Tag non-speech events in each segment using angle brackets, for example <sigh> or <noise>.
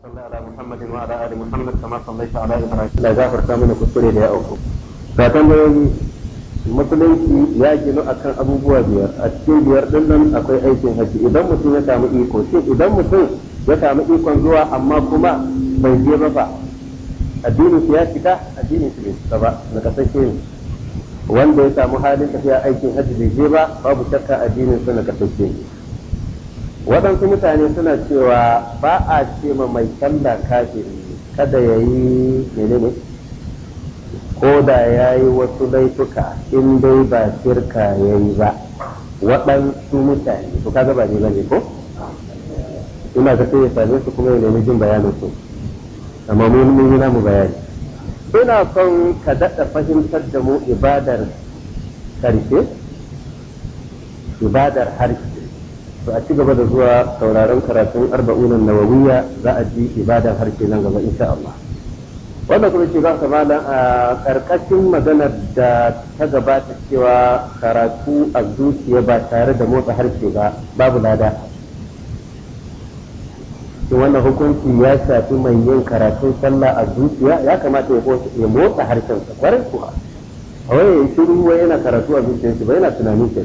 صلى على محمد وعلى ال محمد كما صليت على ابراهيم لا mana kuskure da ya auku musulunci ya ginu akan abubuwa biyar a cikin biyar din nan akwai aikin haji idan mutum ya samu iko idan mutum ya samu ikon zuwa amma kuma bai je ba addinin ya addinin ba na kasashe ne wanda ya samu halin tafiya aikin haji bai je ba babu shakka addinin su na kasashe ne waɗansu mutane suna cewa ba a ce ma mai canza kafiri kada ya yi menene ko da ya yi wasu laifuka in dai ba shirka ya yi ba waɗansu mutane su kaga ba ne ba ne ko ina ka sai ya same su kuma ya nemi jin bayanin su amma mun yi namu bayani ina son ka daɗa fahimtar da mu ibadar karshe ibadar harshe to a ci gaba da zuwa sauraron karatun arba'unan nawawiya za a ji ibada har ke nan gaba insha Allah wanda kuma ce za malam a karkashin maganar da ta gabata cewa karatu a zuciya ba tare da motsa harshe ba babu lada shi wannan hukunci ya shafi mai yin karatun sallah a zuciya ya kamata ya motsa harshen sa kwarai kuwa a wani waye shiru yana karatu a zuciyarsa ba yana tunani ke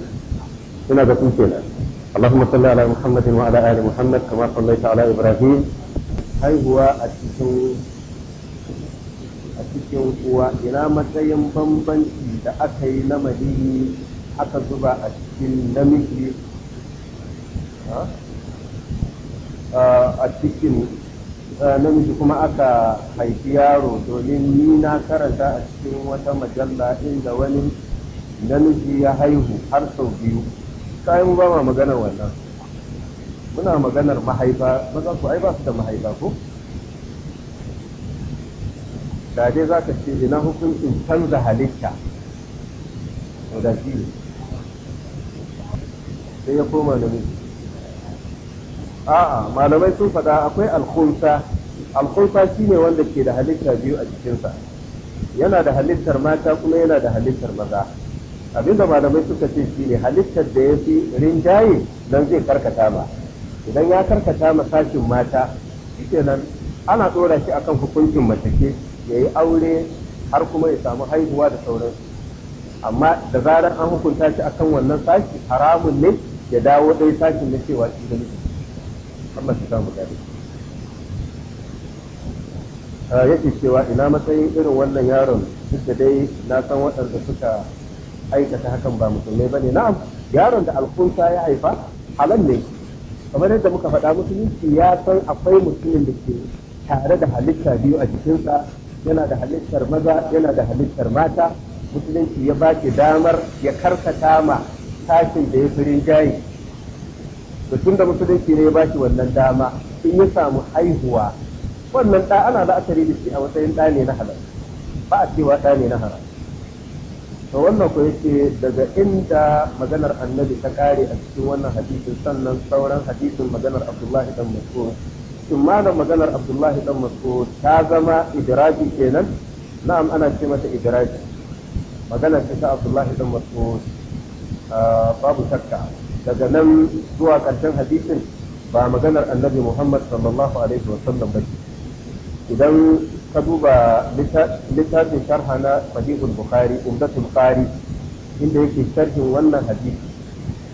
suna ga su na. اللهم صل على محمد وعلى ال محمد كما صليت على ابراهيم هاي هو اتكن اتكن هو الى متين بمبنتي da aka yi na madini aka zuba a cikin namiji a cikin namiji kuma aka haifi yaro domin ni na karanta a cikin wata majalla inda wani namiji ya haihu har sau biyu kayan mu ba ma maganar wannan muna maganar mahaifa maza su ai ba su da mahaifa ko da dai za ka ce ina hukuncin canza halitta to da shi sai ya koma mu. a'a malamai sun faɗa akwai alkhunsa alkhunsa shine wanda ke da halitta biyu a jikinsa yana da halittar mata kuma yana da halittar maza Abin da malamai suka ce shi ne halittar da ya fi rinjaye don zai karkata ma idan ya karkata ma sashin mata nan ana tsora shi akan hukuncin matake ya yi aure har kuma ya samu haihuwa da sauransu amma da zarar an hukunta shi akan wannan sashi haramun ne ya dawo ɗai sashin na cewa shi da nufi Allah shi samu dare ah, yake cewa ina matsayin irin wannan yaron duk da dai na san waɗanda suka aikata hakan ba musulmai bane na'am yaron da alkunsa ya haifa halal ne kamar yadda muka faɗa musulunci ya san akwai mutumin da ke tare da halitta biyu a jikinsa yana da halittar maza yana da halittar mata musulunci ya ba damar ya karkata ma tashin da ya fi rinjaye to tun da musulunci ne ya ba ki wannan dama in ya samu haihuwa wannan ɗa ana la'akari da shi a matsayin ɗa ne na halal ba a cewa ɗa na haram to wannan ko yake daga inda maganar annabi ta kare a cikin wannan hadisin sannan sauran hadisin maganar abdullahi dan mas'ud shin malam maganar abdullahi dan mas'ud ta zama idraji kenan na'am ana ce mata idraji magana ce ta abdullahi dan mas'ud ah, babu shakka daga nan zuwa kantin hadisin ba maganar annabi muhammad sallallahu alaihi sallam ba idan ka duba littafin sharha na sahihul bukhari umdatul qari inda yake sharhin wannan hadisi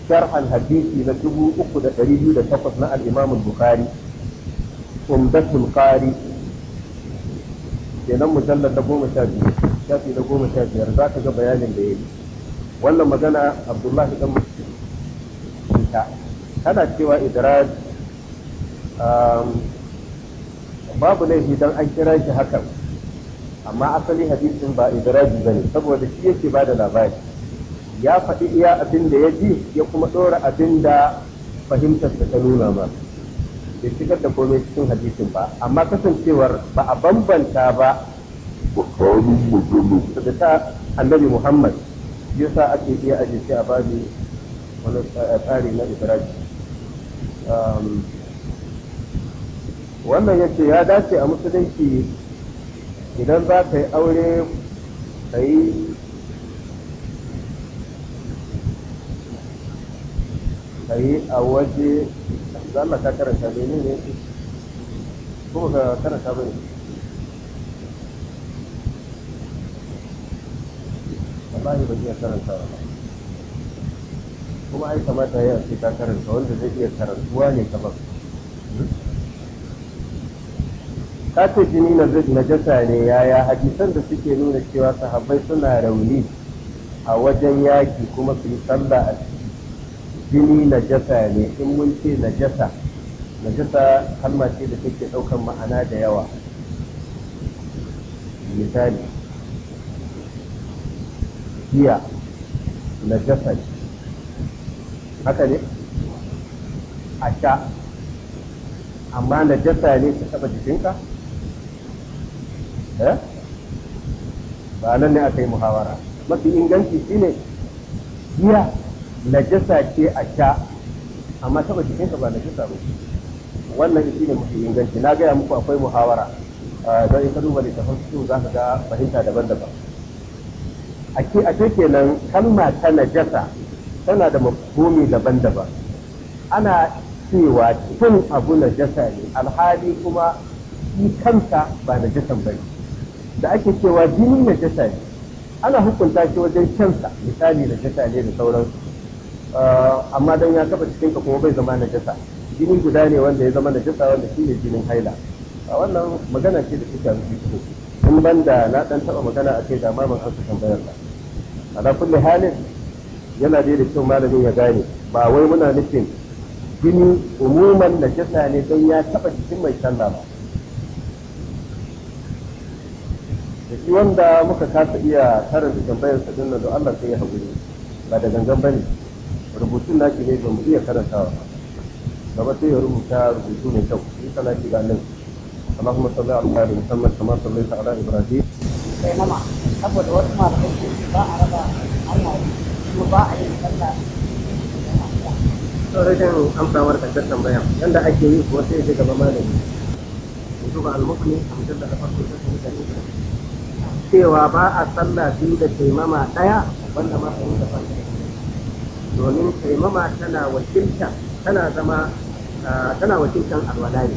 sharhan hadithi na dubu uku da ɗari 3208 na al-imam al-bukhari umdatul qari kenan mujallar da goma sha biyu shafi da goma sha biyar za ka ga bayanin da ya wannan magana abdullahi dan muslim ita tana cewa idraj um, babu laifi dan an kira shi hakan amma asali hadisin ba idraji ne saboda shi yake ba da labari ya faɗi iya abin da ya ji ya kuma ɗora abin da fahimtar ta nuna ba, bai shigar da komai cikin hadisin ba amma kasancewar ba a bambanta ba da ta annabi muhammad ya yasa ake iya ajiye a bani wani tsari na idraji wannan ya ce ya dace a musulunci idan za ka yi aure ka yi ka yi a waje za ka karanta ya ne kuma ka karanta ba ne wallahi ba iya karanta ba kuma ai kamata ya ce ka karanta wanda zai iya karantuwa ne kamar kace jini na najasa ne yaya hadisan da suke nuna cewa sahabbai suna rauni a wajen yaki kuma su yi sallah a ciki jini najasa ne in mun ce najasa najasa kalma ce da take ɗaukan ma'ana da yawa misali giya najasa ne haka ne a sha amma najasa ne ta taɓa jikinka Eh? ba nan ne aka yi muhawara mafi inganci shine giya najasa ce a sha amma taba jikinka ba najasa ba wannan shi ne mafi inganci na gaya muku akwai muhawara eh, don in ka duba littafin su za ka ga fahimta daban-daban a ke a ce kenan kalma ta najasa tana da makomi daban-daban ana cewa cikin abu najasa ne alhali kuma shi kanta ba najasan bane da ake cewa jini na jasa ne ana hukunta shi wajen kyansa misali na jasa ne da sauransu ah, amma dan ya taba cikinka kuma bai zama na jasa jini guda ne wanda ya zama na jasa wanda shi ne jinin haila a ah, wannan magana ce da suka rubuta in banda na dan taba magana a kai da ma ban ansa bayar ba ala kulli halin yana dai da kyau malamin ya gane ba wai muna nufin jini umuman na jasa ne dan ya taba cikin mai sallah ba da shi wanda muka kasa iya karanta tambayar sa dinnan don Allah sai ya haƙuri ba da gangan bane rubutun naki ne ba mu iya karantawa gaba sai ya rubuta rubutu mai kyau shi kana shi ga nan اللهم صل على محمد كما ala Ibrahim sai mama saboda wasu malamai ke ba a raba Allah ba a yi sallah to rashin amsawar kaddar tambaya yanda ake yi kuwa sai ya gaba malami yanzu al-mu'min a da farko sai ya cewa ba a sallah biyu da taimama ɗaya wanda ma sun da domin taimama tana wakilta tana zama tana wakiltan alwala ne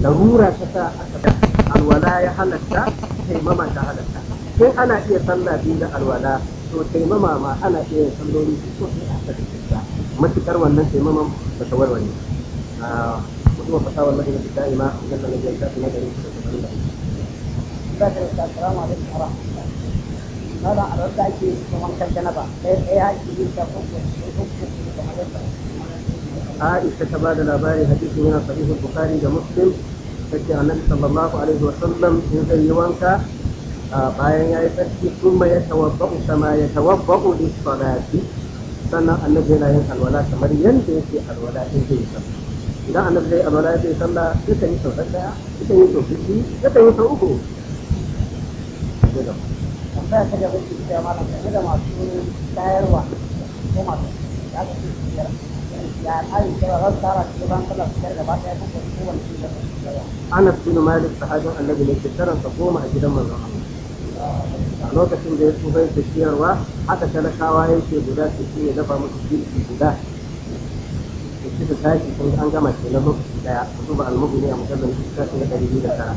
larura ta sa aka alwala ya halatta taimama ta halatta sai ana iya sallah biyu da alwala to taimama ma ana iya yin salloli su so sai aka da matukar wannan taimaman ba ta warware mutum fasawar lahiyar da da'ima a wajen da ya biyar ta fi na gari da السلام ta ba da هذا على رد أكي ومن da جنبا أي أكي يتفوق عائشة تبادل الأباري حديث من صحيح البخاري ومسلم فكي النبي صلى الله عليه وسلم يزي وانكا bayan ya yi tsarki sun mai ya tawabba'u kama ya tawabba'u da salati sannan annabi yana yin alwala kamar yadda yake alwala in zai yi sallah idan annabi a alwala zai sallah yakan yi sau ɗaya yakan yi sau biyu yakan yi sau uku tambaya ta gaba ce cewa malam game da masu tayarwa ko masu da aka ce su biyar ya tsari cewa za su tara su ban sallar su biyar gaba ɗaya kuma su wani su da su biyar Anas bin Malik sahabin Annabi ne shekaran sa goma a gidan manzon a lokacin da ya tsufa yake ciyarwa haka talakawa yake guda su ce ya dafa musu kirki guda da shi su tashi sun an gama na lokaci daya su ba almugu ne a musallar shi ta ɗari biyu da tara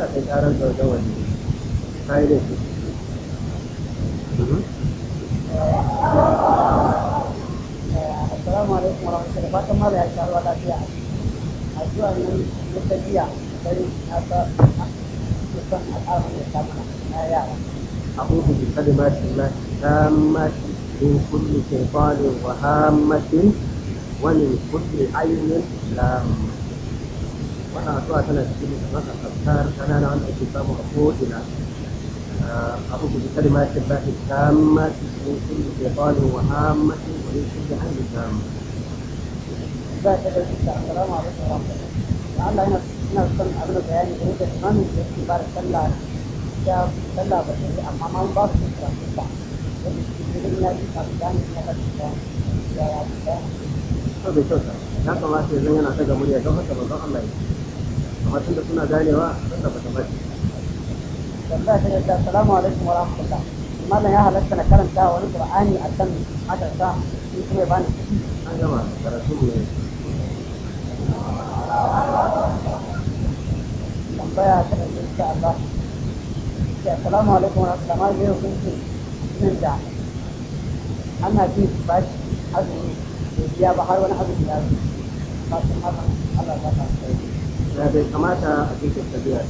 kai karar da wani kayi da shi assalamu alaikum wa rahmatullahi fatan mala ya sha ruwa lafiya a zuwa nan wata na da na أعوذ بكلمات الله التامة من كل شيطان وهامة ومن كل عين لامة wannan addu'a tana cikin masa azkar kanana wanda ake samu a ko'ina أعوذ بكلمات الله التامة من كل شيطان وهامة ومن كل حد تام. السلام عليكم ina son a mana bayani game da imamin da yake ba da sallah ya sallah ba sai amma ma ba da sallah ke ya ba da ya ya ya kamata yanzu yana daga murya don haka ba zan Allah ya السلام عليكم ورحمة الله ما لا يهل أتنا كلام تاه ونقرأ آني أتن حتى تاه يسمى بان أنا ما ترسل لي الله آه، السلام عليكم ورحمة الله ما يهل أتنا كلام تاه أنا في بس حزن يا بحر وأنا حزن يا بحر الله الله الله ya bai kamata a jinkirta biya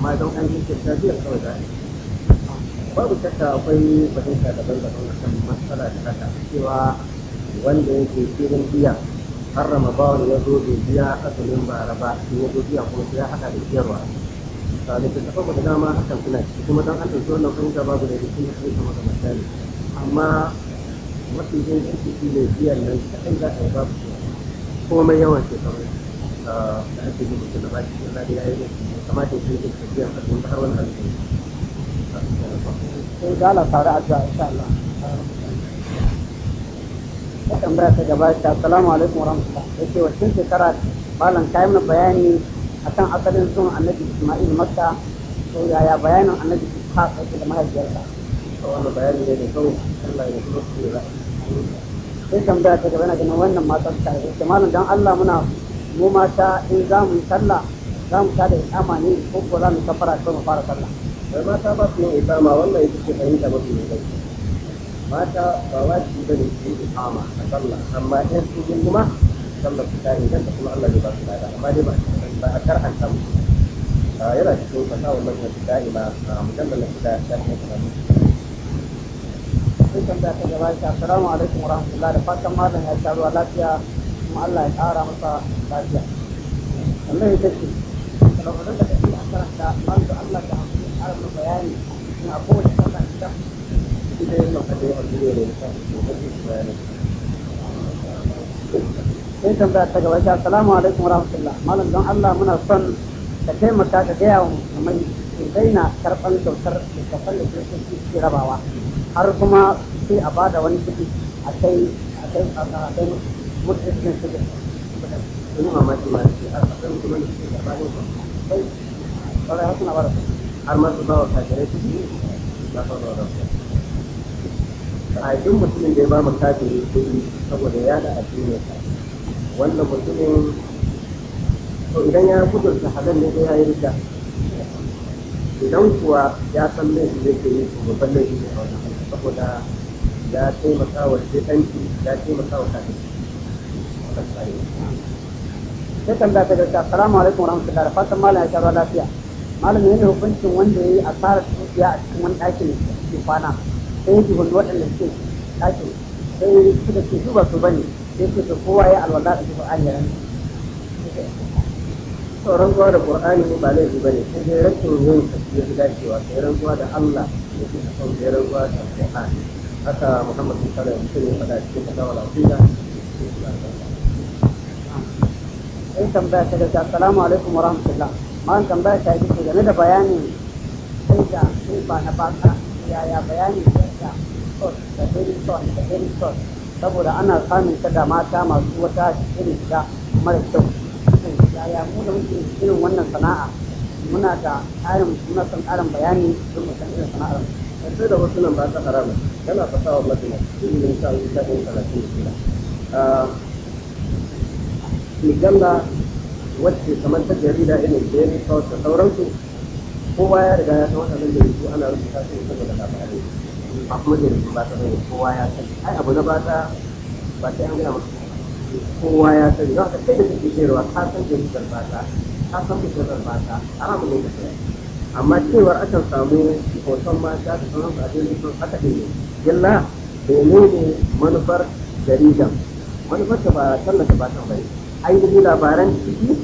amma don an jinkirta biya kawai za babu shakka akwai fahimta daban-daban a kan matsala da haka cewa wanda yake filin biya har ramadan ya zo bai biya asalin bara ba in ya zo biya kuma sai ya haɗa da biyarwa da ta taɓa da dama kan suna ciki kuma don an ɗauki wannan fahimta babu da jikin da kama da misali amma mafi yin ciki ne biyan nan kaɗai za a yi babu komai yawan shekaru da ake gudu da na baki Allah da ya yi a ya a cikin assalamu alaikum warahmatullah yace wacin shekara malam kai mana bayani akan asalin zuwan annabi Isma'il Makka to yaya bayanin annabi Ishaq yake da mahaifiyarsa wannan bayani ne da kawo Allah ya kuma su sai tambaya ta gaba na ganin wannan matsar ta yace malam dan Allah muna mu mata in za mu yi sallah za mu tada ikama ne ko ko za mu kafara ko mu fara sallah bai mata ba su yin ikama wannan ita ce fahimta mafi mai kai mata ba ba bane su yi ikama a sallah amma in su yi kuma talla su ta inganta kuma Allah ne ba su lada amma dai ba ba a karanta musu yana cikin fasahar manyan su ba, a mujallar su da ya shafi sun tambaya ta gaba ta assalamu alaikum warahmatullahi da fatan malam ya sha ruwa lafiya kuma Allah ya ƙara masa lafiya wannan ita ce sanarwar da kake a karanta malu da Allah ta hafi ƙara mana bayani na kowace sallah ita ita yin nan kaɗai a duniya da bayani sai tambaya ta gaba ta assalamu alaikum wa rahmatullah malam don Allah muna son ka taimaka ka gaya wa musulmai su daina karɓar kyautar da littattafan da kiristoci suke rabawa har kuma sai a bada wani kuɗi a kai a kai a kai musu har masu bawa kafirai su yi a duk mutumin da ya ba mu kafiri kuɗi saboda ya da addini wannan mutumin to idan ya kudurta ne ya yi rika idan kuwa ya san laifin da ke yi to babban laifin ne a wajen saboda ya taimaka wa shekanci ya taimaka wa kafiri sai tambaya ta gaske assalamu alaikum warahmatullahi da fatan malam ya shara lafiya malam ne hukuncin wanda ya yi asarar dukiya a cikin wani ɗakin ke kwana sai ya tuhumi waɗanda suke ɗakin sai su da ke ba su bane sai su kowa ya alwala da su an yaran to rantsuwa da qur'ani ne ba laifi bane sai dai rashin yin tafiya da dacewa sai rantsuwa da Allah da ke da rantsuwa da qur'ani haka sallallahu alaihi wasallam ya faɗa cikin in tambaya ta daga assalamu alaikum wa rahmatullah ma'an tambaya ta yake game da bayanin da sai ba na baka yaya bayanin ya sos da dai sos da dai sos saboda ana samun ta da mata masu wata irin shiga mara kyau yaya mu da muke irin wannan sana'a muna da ƙarin muna son ƙarin bayani don mu san irin sana'ar yanzu da wasu nan ba ta haramun yana fasawa mutum cikin insha Allah ta ɗin talatin da shida ah, mujalla wacce kamar ta jarida irin da ya fi da sauransu kowa ya riga ya san waɗannan jaridu ana rubuta su saboda labarai a kuma jaridun ba ta ko kowa ya sani ai abu na bata ba ta yanzu gina Ko kowa ya sani don haka kai da suke sayarwa ka san jaridar bata ka san mujallar bata ramu ne ka sayar amma cewar akan samu hoton ma ta ta sanar da jaridun haka ɗin ne yalla domin ne manufar jaridan manufar ta ba tallata ba ta bane ainihin labaran ciki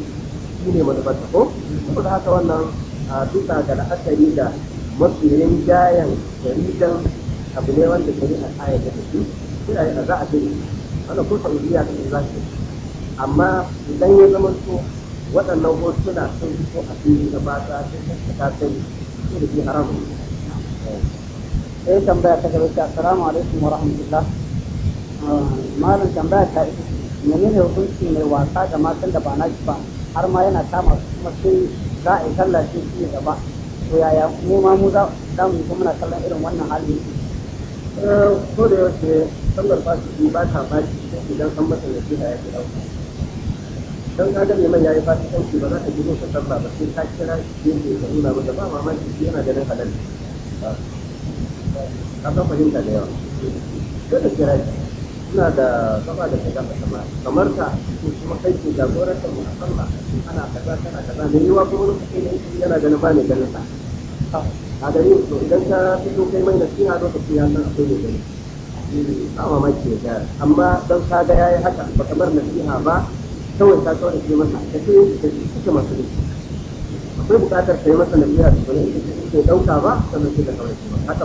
shi ne manufarta ko saboda haka wannan a duka ga la'akari da masoyin jayan jaridan abu ne wanda yi a ayar da shi da yi a za a shiri wanda ko saudiya ta za su amma idan ya zama to waɗannan hotuna sun fito a fili da ba a sun ta sai su da shi haramun sai eh, tambaya ta gaba ta assalamu alaikum wa rahmatullah ah, malam tambaya ta ita menene hukunci mai wasa da matan da ba na ci ba har ma yana kama su kuma sai za a yi sallah sai shi gaba to yaya mu ma mu za mu kuma muna kallon irin wannan hali eh, ko da yake sallar fasiki ba ta shi idan an masa nasiha ya fi ɗauka don ka ga liman yayi fasikanci ba za ka gido ka sallah ba sai ka kira shi yake ka nuna da ba mamaki shi yana ganin halal ka san fahimta da yawa da kira shi suna da sama da kaza sama kamar ka ko kuma kai ke jagorar ta musamman ana kaza kana kaza ne yiwa kuma wani kuke ne yana ganin ba ne ganin ta. a gare to idan ka fito kai mai da ka lokacin ya san akwai ne gani eh, ba mamaki ya gyara amma don ka ga yayi haka ba kamar ha ba kawai ka kawai ke masa ka ce ka ce kike masu ne akwai bukatar ka yi masa nasiha da kuma ita ce dauka ba sannan sai ka kawai ke ba haka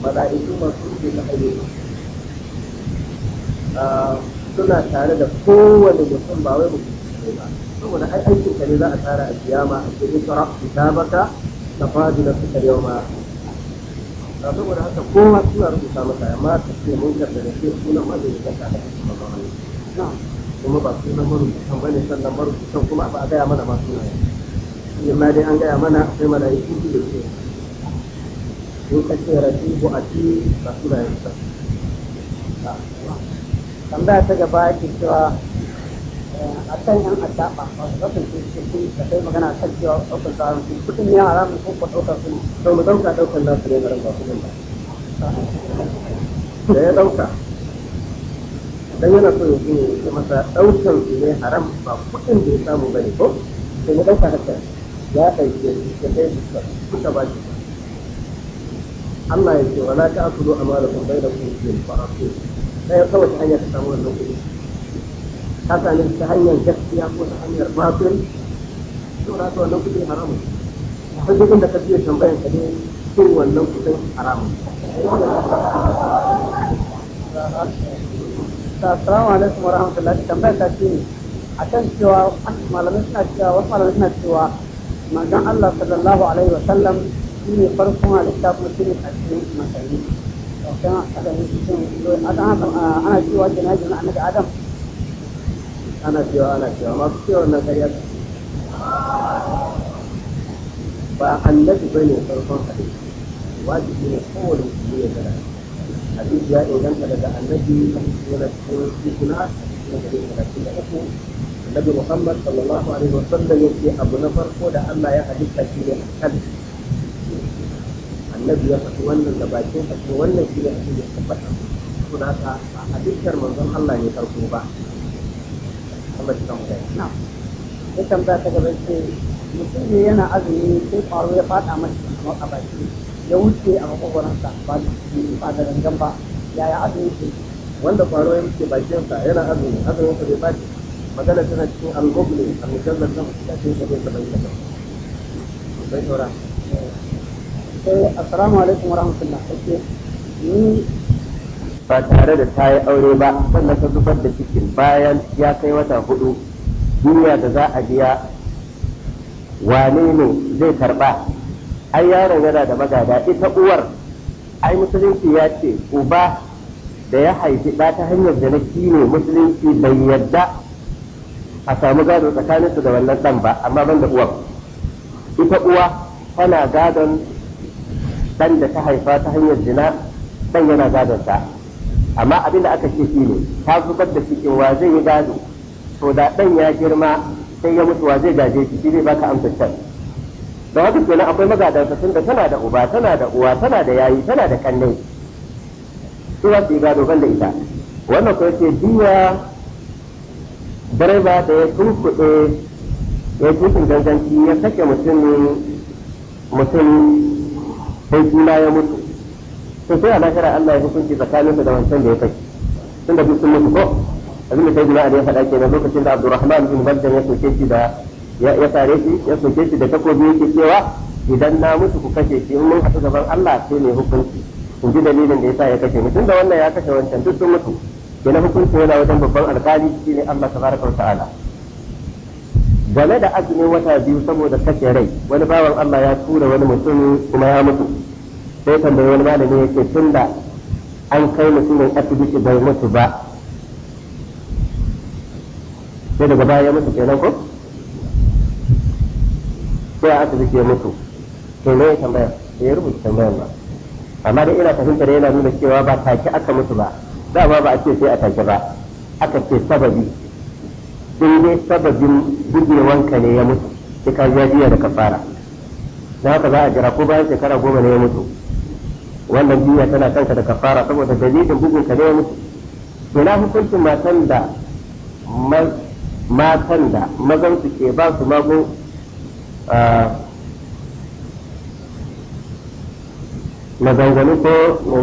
mala'iku masu suke na ayyuka ah, suna tare da kowane mutum ba wai mutum ne ba saboda ai aikin ka ne za a tara a kiyama a ce ikra ta fadi na suka yau ma ah, saboda haka kowa suna rubuta maka amma ka ce mun karɓa da ke sunan mazai da ka kuma ba wani kuma ba sunan marubutan ba ne sannan marubutan kuma ba a gaya mana ma sunayen yamma dai an gaya mana sai mala'iku su da ke ko ka ce rafi'u a ci ba su da yasa tambaya ta gaba ke cewa eh, a kan yan asaba wasu ce kun da kai magana kan cewa ɗaukar tsarin su kudin ya haramun ko ko ɗaukar su to mu ɗauka ɗaukar nasu ne garin ba su ne ba da ya ɗauka dan yana so ya ce ya masa ɗaukar su ne haram ba kudin da ya samu ba ne ko sai mu ɗauka haka ya ɗauke ya kai su kuka ba shi Allah ya ce wala ta akulu amalakum bainakum bil farasu sai ta wace hanya ta samu wannan kuɗi ka same ta hanyar gaskiya ko ta hanyar batil to na ta wannan kuɗi haramu akwai duk inda ka fiye tambayan ka ne cin wannan kuɗin haramu Assalamu alaikum wa rahmatullahi tambayar ta ce a kan cewa malamai suna cewa wasu malamai suna cewa manzon Allah sallallahu alaihi wa sallam shi ne farkon littafin shirin a cikin ƙarshen ɗaukan aka yi cikin ana cewa ke na annabi adam ana cewa ana cewa masu cewa na ƙarya ba a annabi ba ne farkon halitta wajibi ne kowane mutum ne gara a cikin ya inganta daga annabi a cikin sukuna na gari talatin muhammad sallallahu alaihi wasallam ya ce abu na farko da allah ya halitta shi ne a kan annabi ya faɗi wannan da bakin sa ce wannan shi ne abin da ya faɗa to da haka ba hadikkar manzon Allah ne farko ba Allah shi kan gani sai tambaya ta gaba ce mutum ne yana azumi sai ƙwaro ya faɗa masa kamar a baki ya wuce a makogwaransa ba ba da gangan ba yaya azumi ke wanda faro ya wuce bakinsa yana azumi azumin sa bai baci magana tana cikin al-mubli al-mujallad na mutum ta ce ta bai ta bayyana ta assalamu alaikum wa rahmatullah ba tare da ta yi aure ba sannan ta zubar da cikin bayan ya kai wata hudu duniya da za a biya wane ne zai karba ai yaron yana da magada ita uwar ai musulunci ya ce uba da ya haifi ɗa ta hanyar da na ne musulunci bai yadda a samu gado tsakaninsu da wannan ɗan ba amma ban da uwar ita uwa tana gadon dan da ta haifa ta hanyar zina dan yana gadon sa amma abin da aka ce shi ne ta zubar da cikin wa zai yi gado to da dan ya girma sai ya mutu wa zai gaje shi shi zai baka amsar can da wata kenan akwai magadansa tun da tana da uba tana da uwa tana da yayi tana da kannai su za su yi gado ban da ita wannan ko ce jiya direba da ya tunkuɗe ya tutun ganganci ya sake mutum mutum sai shi ya mutu to sai a lahira Allah ya hukunci tsakaninsa da wancan da ya kai tunda duk sun mutu ko abin da sai jima'a da ya faɗa kenan lokacin da Abdurrahman bin Badr ya soke shi da ya tare shi ya soke shi da takobi yake cewa idan na mutu ku kashe shi in mun haɗu gaban Allah sai ne hukunci in ji dalilin da yasa ya kashe ni tunda wannan ya kashe wancan duk sun mutu na hukunci yana wajen babban alƙali shi ne Allah tabaraka wa ta'ala game da azumin wata biyu saboda kashe rai wani bawan Allah ya tura wani mutum kuma ya mutu sai tambayi wani malami ya ce tun da an kai mutumin asibiti bai mutu ba sai daga baya ya mutu kenan ko sai a asibiti ya mutu to ne ya tambaya sai ya rubuta tambayar ba amma dai ina fahimtar yana nuna cewa ba take aka mutu ba dama ba a ce sai a take ba aka ce sababi sun dai sababin gujewanka ne ya mutu sai ka jiya da kafara na haka za a jira ko bayan shekara goma ne ya mutu wannan jiya tana kanka da kafara saboda dalilin bugun ka ne ya mutu na hukuncin matan da matan da mazan su ke ba su mago zangani ko ne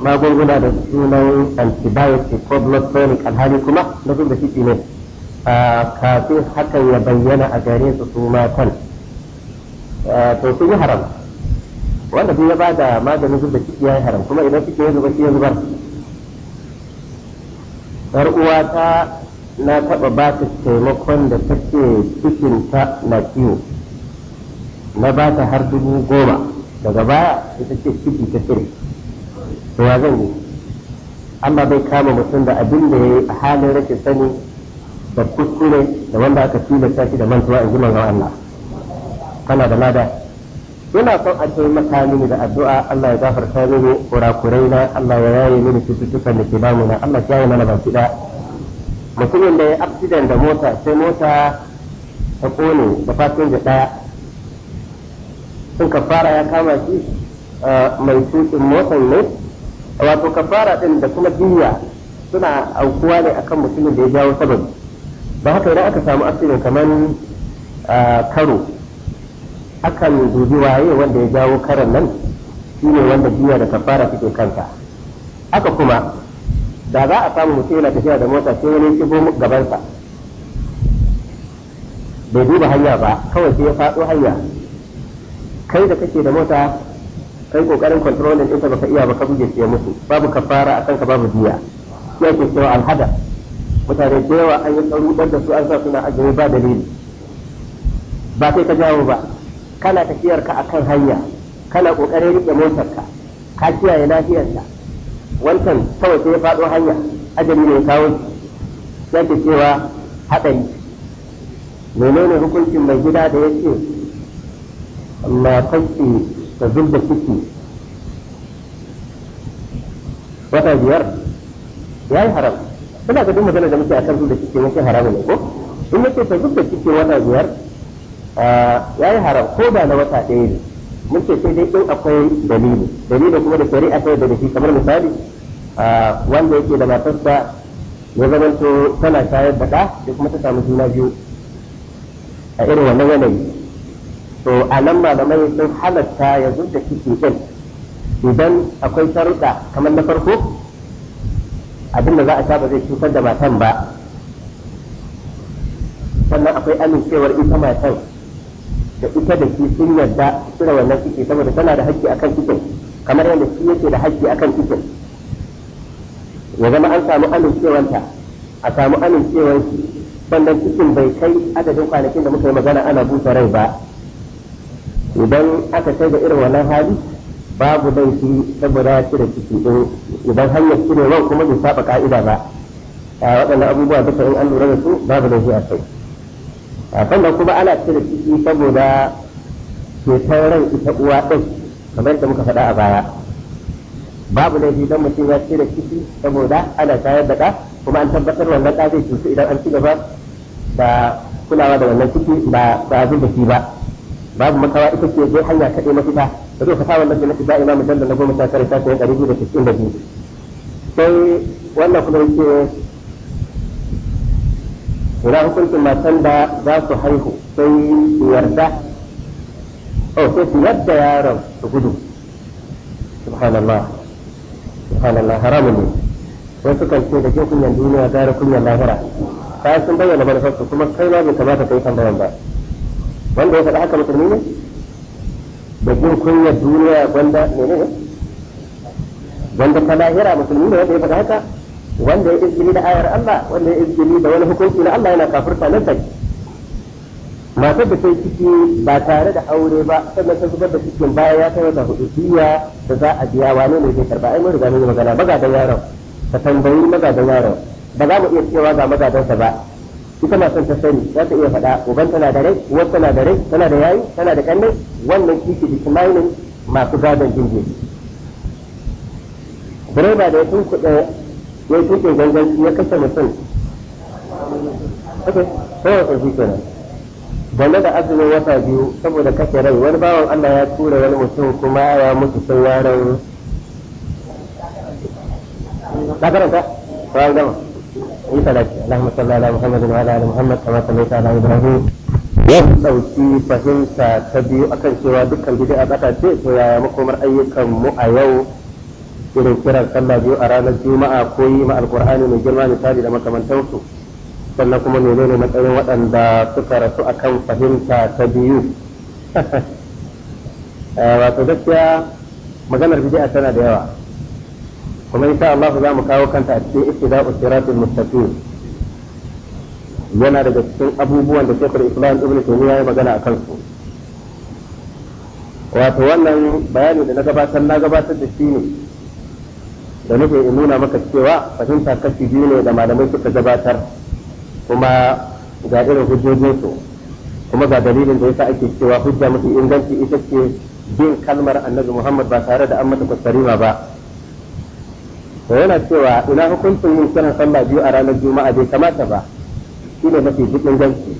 magunguna da sunan antibiotic ko blood tonic alhali kuma na zuba shi ne kafin hakan ya bayyana a gare su su matan Eh, to sun yi haram wanda duk ya bada maganin zuba ciki ya yi haram kuma idan cikin ya zuba shi ya zubar yar uwa ta na taba ba ta taimakon da take cikin ta na kiwo na ba ta har dubu goma daga baya ita ce ciki ta cire to ya zan yi amma bai kama mutum da abin da ya yi a halin rashin sani da kuskure da wanda aka tilasta shi da mantuwa in ji ga Allah kana da lada ina son a maka mini da addu'a Allah ya gafarta mini kurakurai na Allah ya yaye mini cututtukan da ke na Allah ya yi mana baki da mutumin da ya accident da mota sai mota ta kone da da daya sun kafara ya kama shi eh, mai tukin motar ne wato kafara din da kuma diya suna aukuwa ne akan mutumin da ya jawo sababi ba haka idan aka samu accident kamar eh, karo akan dubi waye wanda ya jawo karan nan shi ne wanda biya da kafara suke kanta haka kuma da za a samu mutum yana tafiya da mota sai wani shigo gabansa bai duba hanya ba kawai sai ya faɗo hanya kai da kake da mota kai kokarin controlling ɗinta baka iya baka buge shi ya mutu babu kafara a kanka babu biya sai ke cewa alhada mutane da yawa an yi ɗan da su an sa suna ajiye ba dalili ba sai ka jawo ba kana tafiyarka akan hanya kana kokarin rike motarka ka kiyaye ka wancan kawai sai ya faɗo hanya ajali ne kawo shi yake cewa haɗari menene hukuncin mai gida da ya ce matarki ta zubda ciki wata biyar ya yi haram suna ga duk magana da muke akan zubda ciki muke haramu ne ko in yake ta zubda ciki wata biyar Ah, ya yi haram ko da na wata ɗaya ne mun ce sai dai in akwai dalili dalili kuma da shari'a ta da shi kamar misali ah, wanda yake da matarsa ya zamanto tana shayar da ɗa da kuma ta samu juna biyu a irin wannan yanayi to a nan malamai sun halatta ya da ciki ɗin idan akwai sharuɗa kamar na farko abinda za a sha ba zai cutar da matan ba sannan akwai amincewar ita matan da ita da shi sun yarda cire wannan ciki saboda tana da haƙƙi akan cikin kamar yadda shi yake da haƙƙi akan cikin ya zama an samu amincewanta a samu amincewar shi sannan cikin bai kai adadin kwanakin da muka yi magana ana busa rai ba idan aka kai da irin wannan hali babu laifi saboda ya cire ciki din idan hanyar cire kuma bai saba ka'ida ba a waɗannan abubuwa duka in an lura da su babu laifi a kai sannan kuma ana cire ciki saboda ceton ran ita uwa ɗin kamar da muka faɗa a baya babu laifi don mutum ya cire ciki saboda ana shayar da ɗa kuma an tabbatar wannan ɗa zai cutu idan an ci gaba da kulawa da wannan ciki ba ba zai da shi ba babu makawa ita ce zai hanya kaɗai mafita da zai kasa wannan jannati ba imamu mu na goma sha ta yi ɗari biyu da sittin da biyu sai wannan kuma yake ina hukuncin matan da za su haihu sai su yarda oh sai su yarda yaron su gudu subhanallah subhanallah haramun ne sai su ce da ke kunyan duniya gara kunyan lahira ta sun bayyana manufarsu kuma kai ma bai kamata kai bayan ba wanda ya faɗa haka musulmi ne da jin kunyar duniya gwanda ne ne gwanda ta lahira musulmi ne wanda ya faɗa haka wanda ya izgili da ayar Allah wanda ya izgili da wani hukunci na Allah yana kafirta nan take Masu da sai ciki ba tare da aure ba sannan ta zubar da cikin baya ya kai wata hudu biya da za a biya wane ne zai karba ai mun riga mun yi magana magadan yaron ta tambayi magadan yaron ba za mu iya cewa ga magadansa ba ita ma son ta sani za ta iya faɗa uban tana da rai uwar tana da rai tana da yayi tana da kanne wannan da kimanin masu gadon jinjiri direba da ya tunkuɗe ya shuke ganganci ya kashe mutum kawai ko shi kenan game da azumin wata biyu saboda kashe rai wani bawan Allah ya tura wani mutum kuma ya mutu sun yaran ka karanta ba gama yi salati Allahumma salli ala Muhammadin wa ala Muhammad kama sallaita ala Ibrahim ya ɗauki fahimta ta biyu akan cewa dukkan bid'a bata ce to yaya makomar ayyukan mu a yau irin kiran sallah biyu a ranar juma'a ko yi ma alkur'ani mai girma misali da makamantansu sannan kuma menene matsayin waɗanda suka rasu akan fahimta ta biyu <laughs> eh, wato gaskiya maganar bid'a tana da yawa kuma insha Allah za mu kawo kanta a cikin ittiba'u siratul mustaqim yana daga cikin abubuwan da Sheikhul Islam Ibn Taymiyyah ya magana akan su wato wannan bayani da na gabatar na gabatar da shi ne da nake in nuna maka cewa fahimta kashi biyu ne da malamai suka gabatar kuma ga irin hujjojinsu kuma ga dalilin da yasa ake cewa hujja mafi inganci ita ce bin kalmar annabi muhammad ba tare da an mata kwasarima ba to yana cewa ina hukuncin yin kiran sallah biyu a ranar juma'a bai kamata ba shi ne mafi duk inganci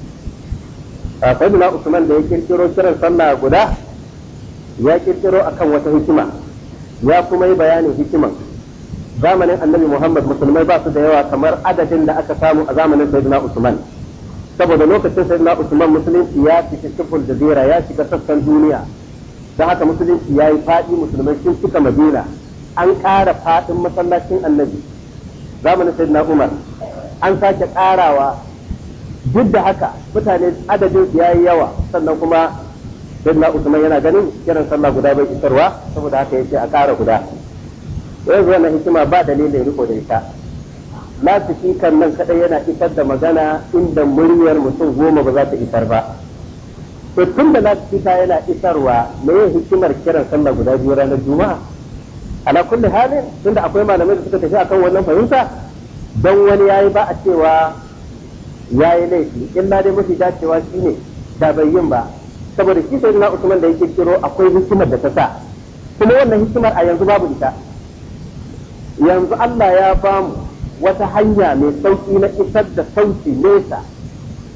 a sayyidina usman da ya kirkiro kiran sallah guda ya kirkiro akan wata hikima ya kuma yi bayanin hikiman zamanin annabi Muhammad musulmai ba su da yawa kamar adadin da aka samu a zamanin sayyidina Usman saboda lokacin sayyidina Usman musulunci ya shiga shiful jazira ya shiga sassan duniya da haka musulunci ya yi faɗi musulmai sun cika madina an ƙara faɗin masallacin annabi zamanin sayyidina Umar an sake ƙarawa duk da haka mutane adadin ya yayi yawa sannan kuma sayyidina Usman yana ganin kiran sallah guda bai isarwa saboda haka ce a ƙara guda yanzu wannan hikima ba dalilin riko da ita lasiki kan nan kadai yana isar da magana inda muryar mutum goma ba za ta isar ba to tun da ta yana isarwa me yin hikimar kiran sallah guda biyu ranar juma'a ala kulli halin tunda akwai malamai da suka tafi akan wannan fahimta don wani yayi ba a cewa yayi laifi illa dai mafi dacewa shine da bai yin ba saboda shi sai na Usman da yake kiro akwai hikimar da ta sa kuma wannan hikimar a yanzu babu ita yanzu Allah ya bamu wata hanya mai sauki na isar da sauki nesa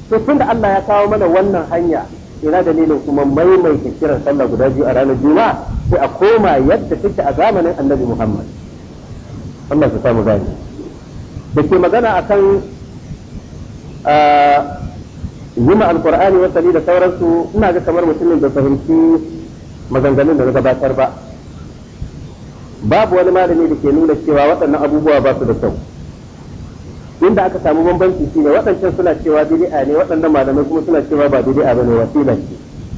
to da Allah ya kawo mana wannan hanya ina dalilin kuma maimaita kiran sallah guda biyu a ranar juma'a sai a koma yadda take a zamanin annabi Muhammad Allah su samu gani da ke magana akan yima alqur'ani wa da sauransu ina ga kamar mutumin da fahimci maganganun da na gabatar ba babu wani malami da ke nuna cewa waɗannan abubuwa ba su da kyau inda aka samu bambanci shine waɗancan suna cewa bid'a ne waɗannan malamai kuma suna cewa ba bid'a bane wasila ce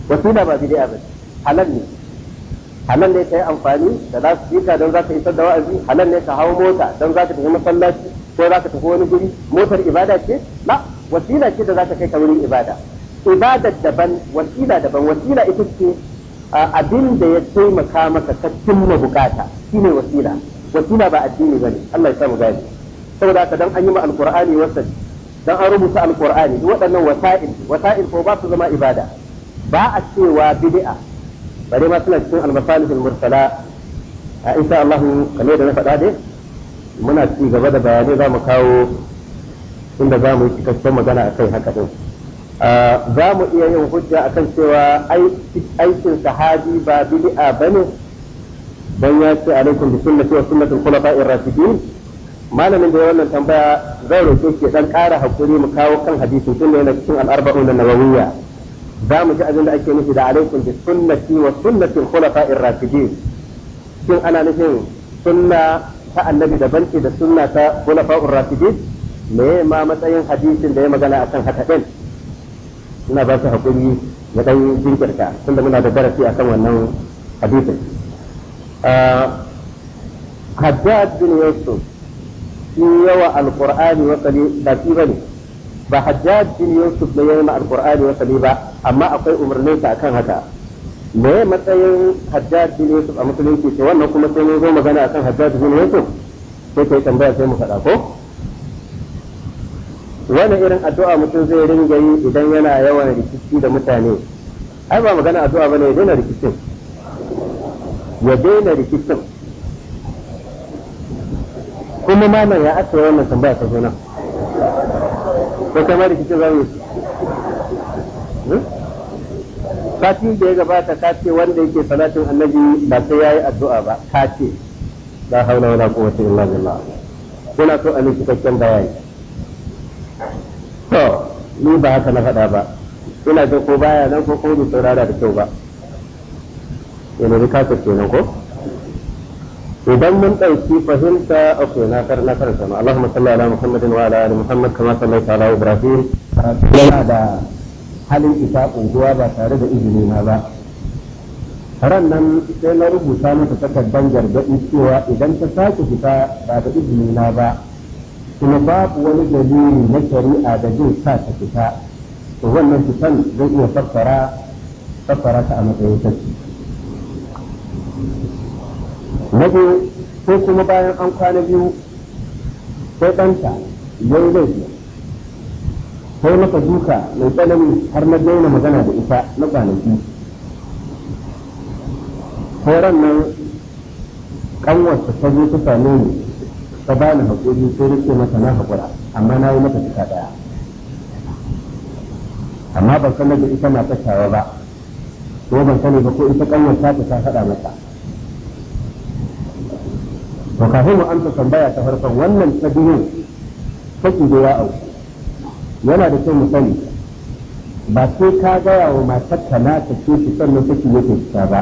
wasila ba bid'a bane halal ne halal ne ka yi amfani da za su fita don za ka isar da wa'azi halal ne ka hawo mota don za ka tafi masallaci ko za ka tafi wani guri motar ibada ce Na wasila ce da za ka kai ka wurin ibada ibada daban wasila daban wasila ita ce abin da ya taimaka maka ka cimma bukata shine wasila wasila ba addini bane Allah ya samu gani saboda haka dan an yi ma alqur'ani wasa dan an rubuta alqur'ani duk waɗannan wasa'il wasa'il ko ba su zama ibada ba a cewa bid'a bare ma suna cikin almasalihul mursala a insha Allah kamar da na faɗa dai muna ci gaba da bayanai za mu kawo inda za mu yi cikakken magana akai haka din za mu iya yin hujja akan cewa aikin sahabi ba bid'a bane dan ya ce alaikum bi sunnati wa sunnati al-khulafa'ir rashidin malamin da ya wannan tambaya zai roƙe ke dan kara hakuri mu kawo kan hadisin tunda yana cikin al-arba'un an-nawawiyya za mu ji abin da ake nufi da alaikum bi sunnati wa sunnati al-khulafa'ir rashidin shin ana nufin sunna ta annabi da ce da sunna ta khulafa'ur rashidin me ma matsayin hadisin da ya magana akan haka din ina ba su hakuri na dan jinkirta tunda muna da darasi akan wannan hadisin haddad bin yusuf shi yawa alqur'ani wa kali ba shi ba haddad bin yusuf ne yayi ma alqur'ani wa kali ba amma akwai umarnin ta akan haka me matsayin haddad bin yusuf a musulunci to wannan kuma sai mun zo magana akan haddad bin yusuf sai kai tambaya sai mu faɗa ko wani irin addu'a mutum zai ringa idan yana yawan rikici da mutane ai ba magana addu'a bane ya daina rikicin ya daina rikicin kuma malam ya aka yi wannan tambaya ta zona ko kai ma rikicin za mu kati hmm? da ya gabata kati wanda yake salatin annabi ba sai yayi addu'a ba kati ce la haula wala quwwata illa billah kuna so a cikakken bayani to ni ba haka na faɗa ba ina ga ko baya nan ko ko bai saurara da kyau ba yana da kasa kenan ko idan mun ɗauki fahimta akwai na kar na karanta ma Allahumma salli ala Muhammadin wa ala ali Muhammad kama sallaita ala Ibrahim yana da halin isa unguwa ba tare da izini na ba ran nan sai na rubuta mata takardar gargaɗi cewa idan ta sake fita ba da izini na ba kuma babu wani dalili na shari'a da zai sa ta fita to wannan fitan zai iya fassara fassara ta a matsayin sarki na biyu sai kuma bayan an kwana biyu sai ɗanta ya yi laifi sai maka duka mai tsanani har na daina magana da ita na kwanaki sai ran nan ƙanwarsa ta zo ta same ni ta ba ni haƙuri sai na ce mata na haƙura amma na yi mata duka ɗaya amma ban sanar da ita na tashawa ba ko ban sani ba ko ita ƙanwar ta ta faɗa mata to kafin mu amsa tambaya ta farkon wannan ta biyu saki da yana da kyau sani ba sai ka gaya wa matarka na ta ce ki sannan saki yake fita ba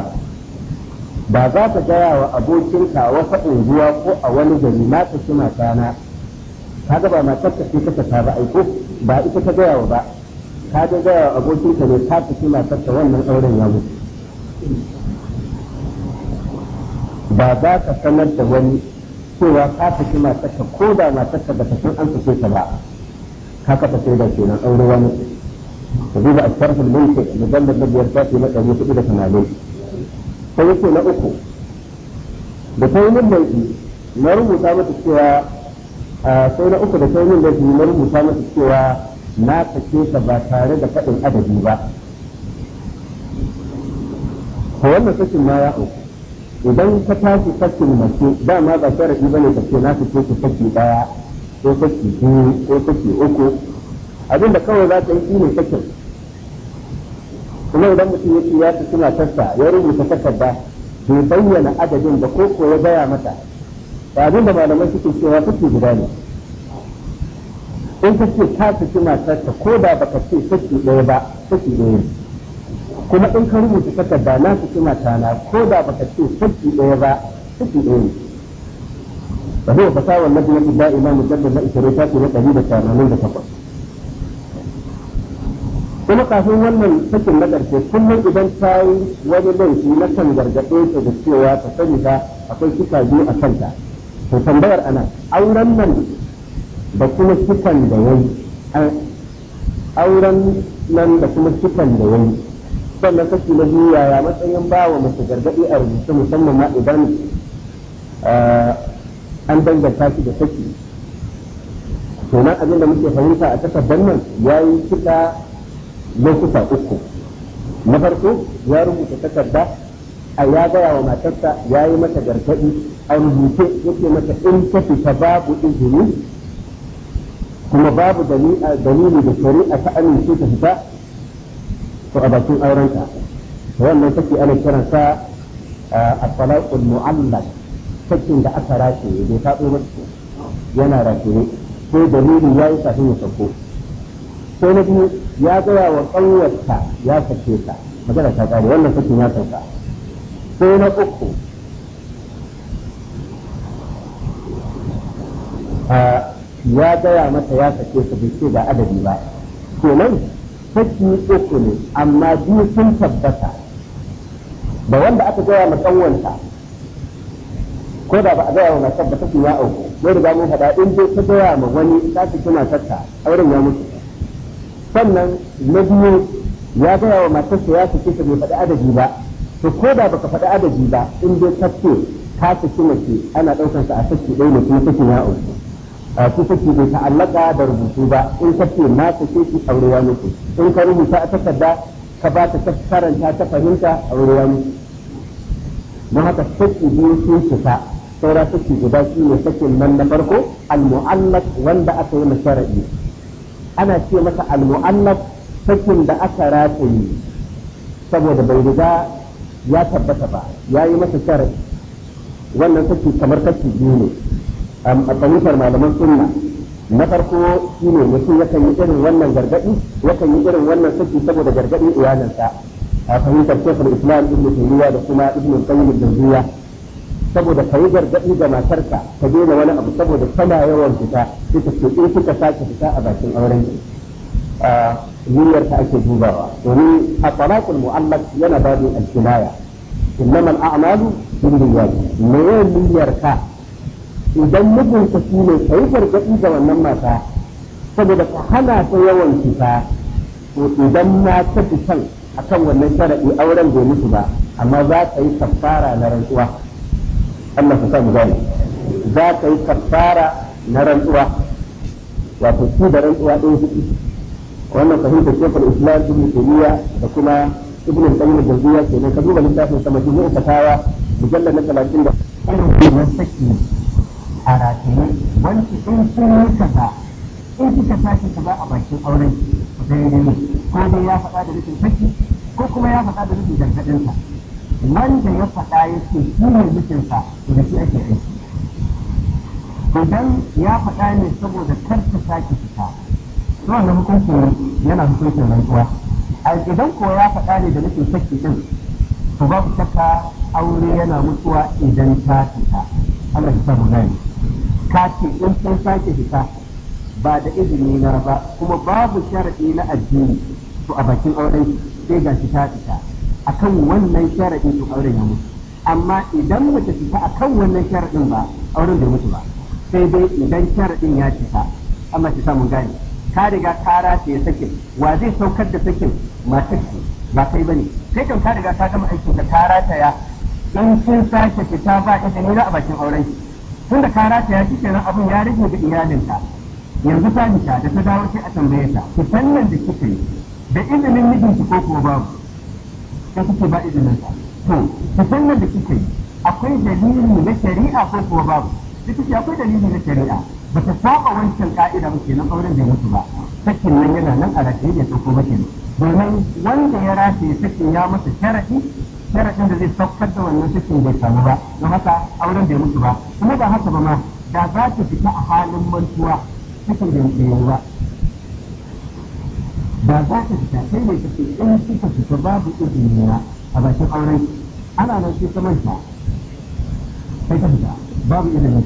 ba za ka gaya wa abokinka a wata unguwa ko a wani gari na ta ci matana ka ga ba matarka ce ba aiko ba ita ta gaya wa ba ka ga gaya wa abokinka ne ta ta ci matarka wannan auren ya mutu ba za ka sanar da wani cewa ka tafi matarka ko da matarka ba ta san an sake ta ba ka kafa sai da nan aure wani ka duba a sharhul mulki mujallar da biyar ta na ɗari hudu da tamanin sai yake na uku da ta yi mulki na rubuta mata cewa sai na uku da ta yi mulki na rubuta mata cewa na sake ta ba tare da faɗin adadi ba ko wannan sakin ma ya uku idan ka tashi sakin mace ba ma ba sharafi ba ne ce na ce ki saki daya ko saki biyu ko saki uku abinda kawai za ka yi shine sakin kuma idan mutum ya ce ya ci suna tasta ya rubuta takarda bai bayyana adadin da ko ko ya gaya mata ba abin da malamai suke cewa saki guda ne in ka ce ta suna tasta ko da baka ce saki ɗaya ba saki ɗaya ne kuma in ka rubuta takarda na su suna tana ko da baka ce saki ɗaya ba saki ɗaya ne ba zai fasa wannan da ina mu jaddar na ishirin ta na ɗari da tamanin da takwas kuma kafin wannan sakin na ƙarshe kullum idan ta yi wani laifi na kan gargaɗe ta da cewa ta sani ta akwai kika biyu a kanta to tambayar ana auren nan da kuma kikan da yayi eh, auren nan da kuma kikan da yayi sannan kashi na biyu yaya matsayin ba wa mace gargaɗi a rubuce musamman ma idan eh, an danganta shi da saki to nan abin da muke fahimta a takardar nan ya yi kiɗa lokuta uku na farko ya rubuta takarda a ya gaya wa matarsa ya yi mata gargaɗi a rubuce yake mata in ta fita babu izini kuma babu dalili da shari'a ta amince ta fita ko a bakin aurenta wannan saki ana kiran sa eh, at-talaqul mu'allaq sakin da aka rataye bai ta mace yana ne ko dalilin yayi kafin ya sauko sai na biyu ya tsaya wa ƙanwarta ya sake ta magana ta kare wannan sakin ya sauka sai na uku eh, ya gaya mata ya sake ta bai ce ba adadi ba kenan saki uku ne amma biyu sun tabbata da wanda aka gaya ma kanwanta ko da ba a gaya wa matar da ya auku mai riga mu faɗa in dai ka gaya ma wani ta kuma matarsa auren ya mutu sannan na biyu ya gaya wa matarsa ya saki ta bai faɗi adadi ba to ko da baka faɗi adadi ba in dai ka ce ka saki mace ana ɗaukar sa a saki ɗaya ne kuma saki ya auku a su saki bai ta'allaka da rubutu ba in ka ce na sake shi aure mutu in ka rubuta a takarda ka ba ta karanta ta fahimta aurewa mutu don haka saki biyu sun cika saura saki guda shi ne sakin nan na farko al-mu'allaq wanda aka yi masharadi ana ce masa al-mu'allaq sakin da aka rataye saboda bai riga ya tabbata ba ya yi masa sharadi wannan saki kamar saki biyu ne a tsanifar malaman sunna na farko shi ne mutum kan yi irin wannan ya kan yi irin wannan saki saboda gargaɗi iyalinsa a fahimtar shekul islam ibn taymiya da kuma ibn qayyim al saboda saboda kai gargaɗi ga matarka ka daina wani abu saboda tana yawan fita sai ta ce in eh, kika sake fita a bakin auren a ta ake dubawa domin a talaqul mu'allaq yana babu al-kinaya innamal a'malu bin niyyati me niyyar ka idan mijinta shi ne ka yi gargaɗi ga wannan mata saboda ka hana ta yawan fita to idan na ta fitan a kan wannan sharaɗi auren bai mutu ba amma za ka yi kafara na rantsuwa Allah ka sa mu gani za ka yi kafara na rantsuwa wato shi da rantsuwa ɗin hudu wannan fahimtar shekar islam ibn taymiya da kuma ibn al-qayyim al-jawziyya kenan ka duba littafin sa ta tawa, mujallal na 30 da saki a rataye wanki in sun yi kaza in kika tashi ba a bakin auren sai ne ko dai ya faɗa da rufin saki ko kuma ya faɗa da rufin dangadinsa wanda ya faɗa ya ce shi ne mijinsa to da shi ake aiki idan ya faɗa ne saboda kar ta sake fita to wannan hukunci yana hukuncin rantsuwa a idan ko ya faɗa ne da rufin saki din to ku shakka aure yana mutuwa idan ta fita Allah ya samu gani ka ce in sun sake fita ba da izini na ba kuma babu sharaɗi na addini to a bakin auren sai ga shi ta fita akan wannan sharadi to auren ya mutu amma idan mace fita akan wannan sharaɗin ba auren bai mutu ba sai dai idan sharaɗin ya fita amma ki samu gani ka riga kara ce sakin wa zai saukar da sakin matar ce ba kai bane kai kan ka riga ka gama aikin ka ta ya in sun sake fita ba izini na a bakin auren tun da ka rataya shi kenan abin ya rage ga iyalinta yanzu ta nisha da ta dawo sai a tambaye ta ki da kika yi da izinin mijinki ko kuma babu sai kike ba izinin ta to ki nan da kika yi akwai dalili na shari'a ko kuma babu sai kike akwai dalili na shari'a ba ta saba wancan ka'ida ba kenan auren bai mutu ba sakin nan yana nan a rataye da ko ba kenan domin wanda ya rataye sakin ya masa sharaɗi darasin da zai saukar da wannan cikin bai samu ba don haka auren bai mutu ba kuma ba haka ba ma da za ta fita a halin mantuwa cikin bai mutu ba da za ta fita sai mai tafi in suka fita babu izini na a bakin auren ana nan shi ta manta sai ta fita babu izini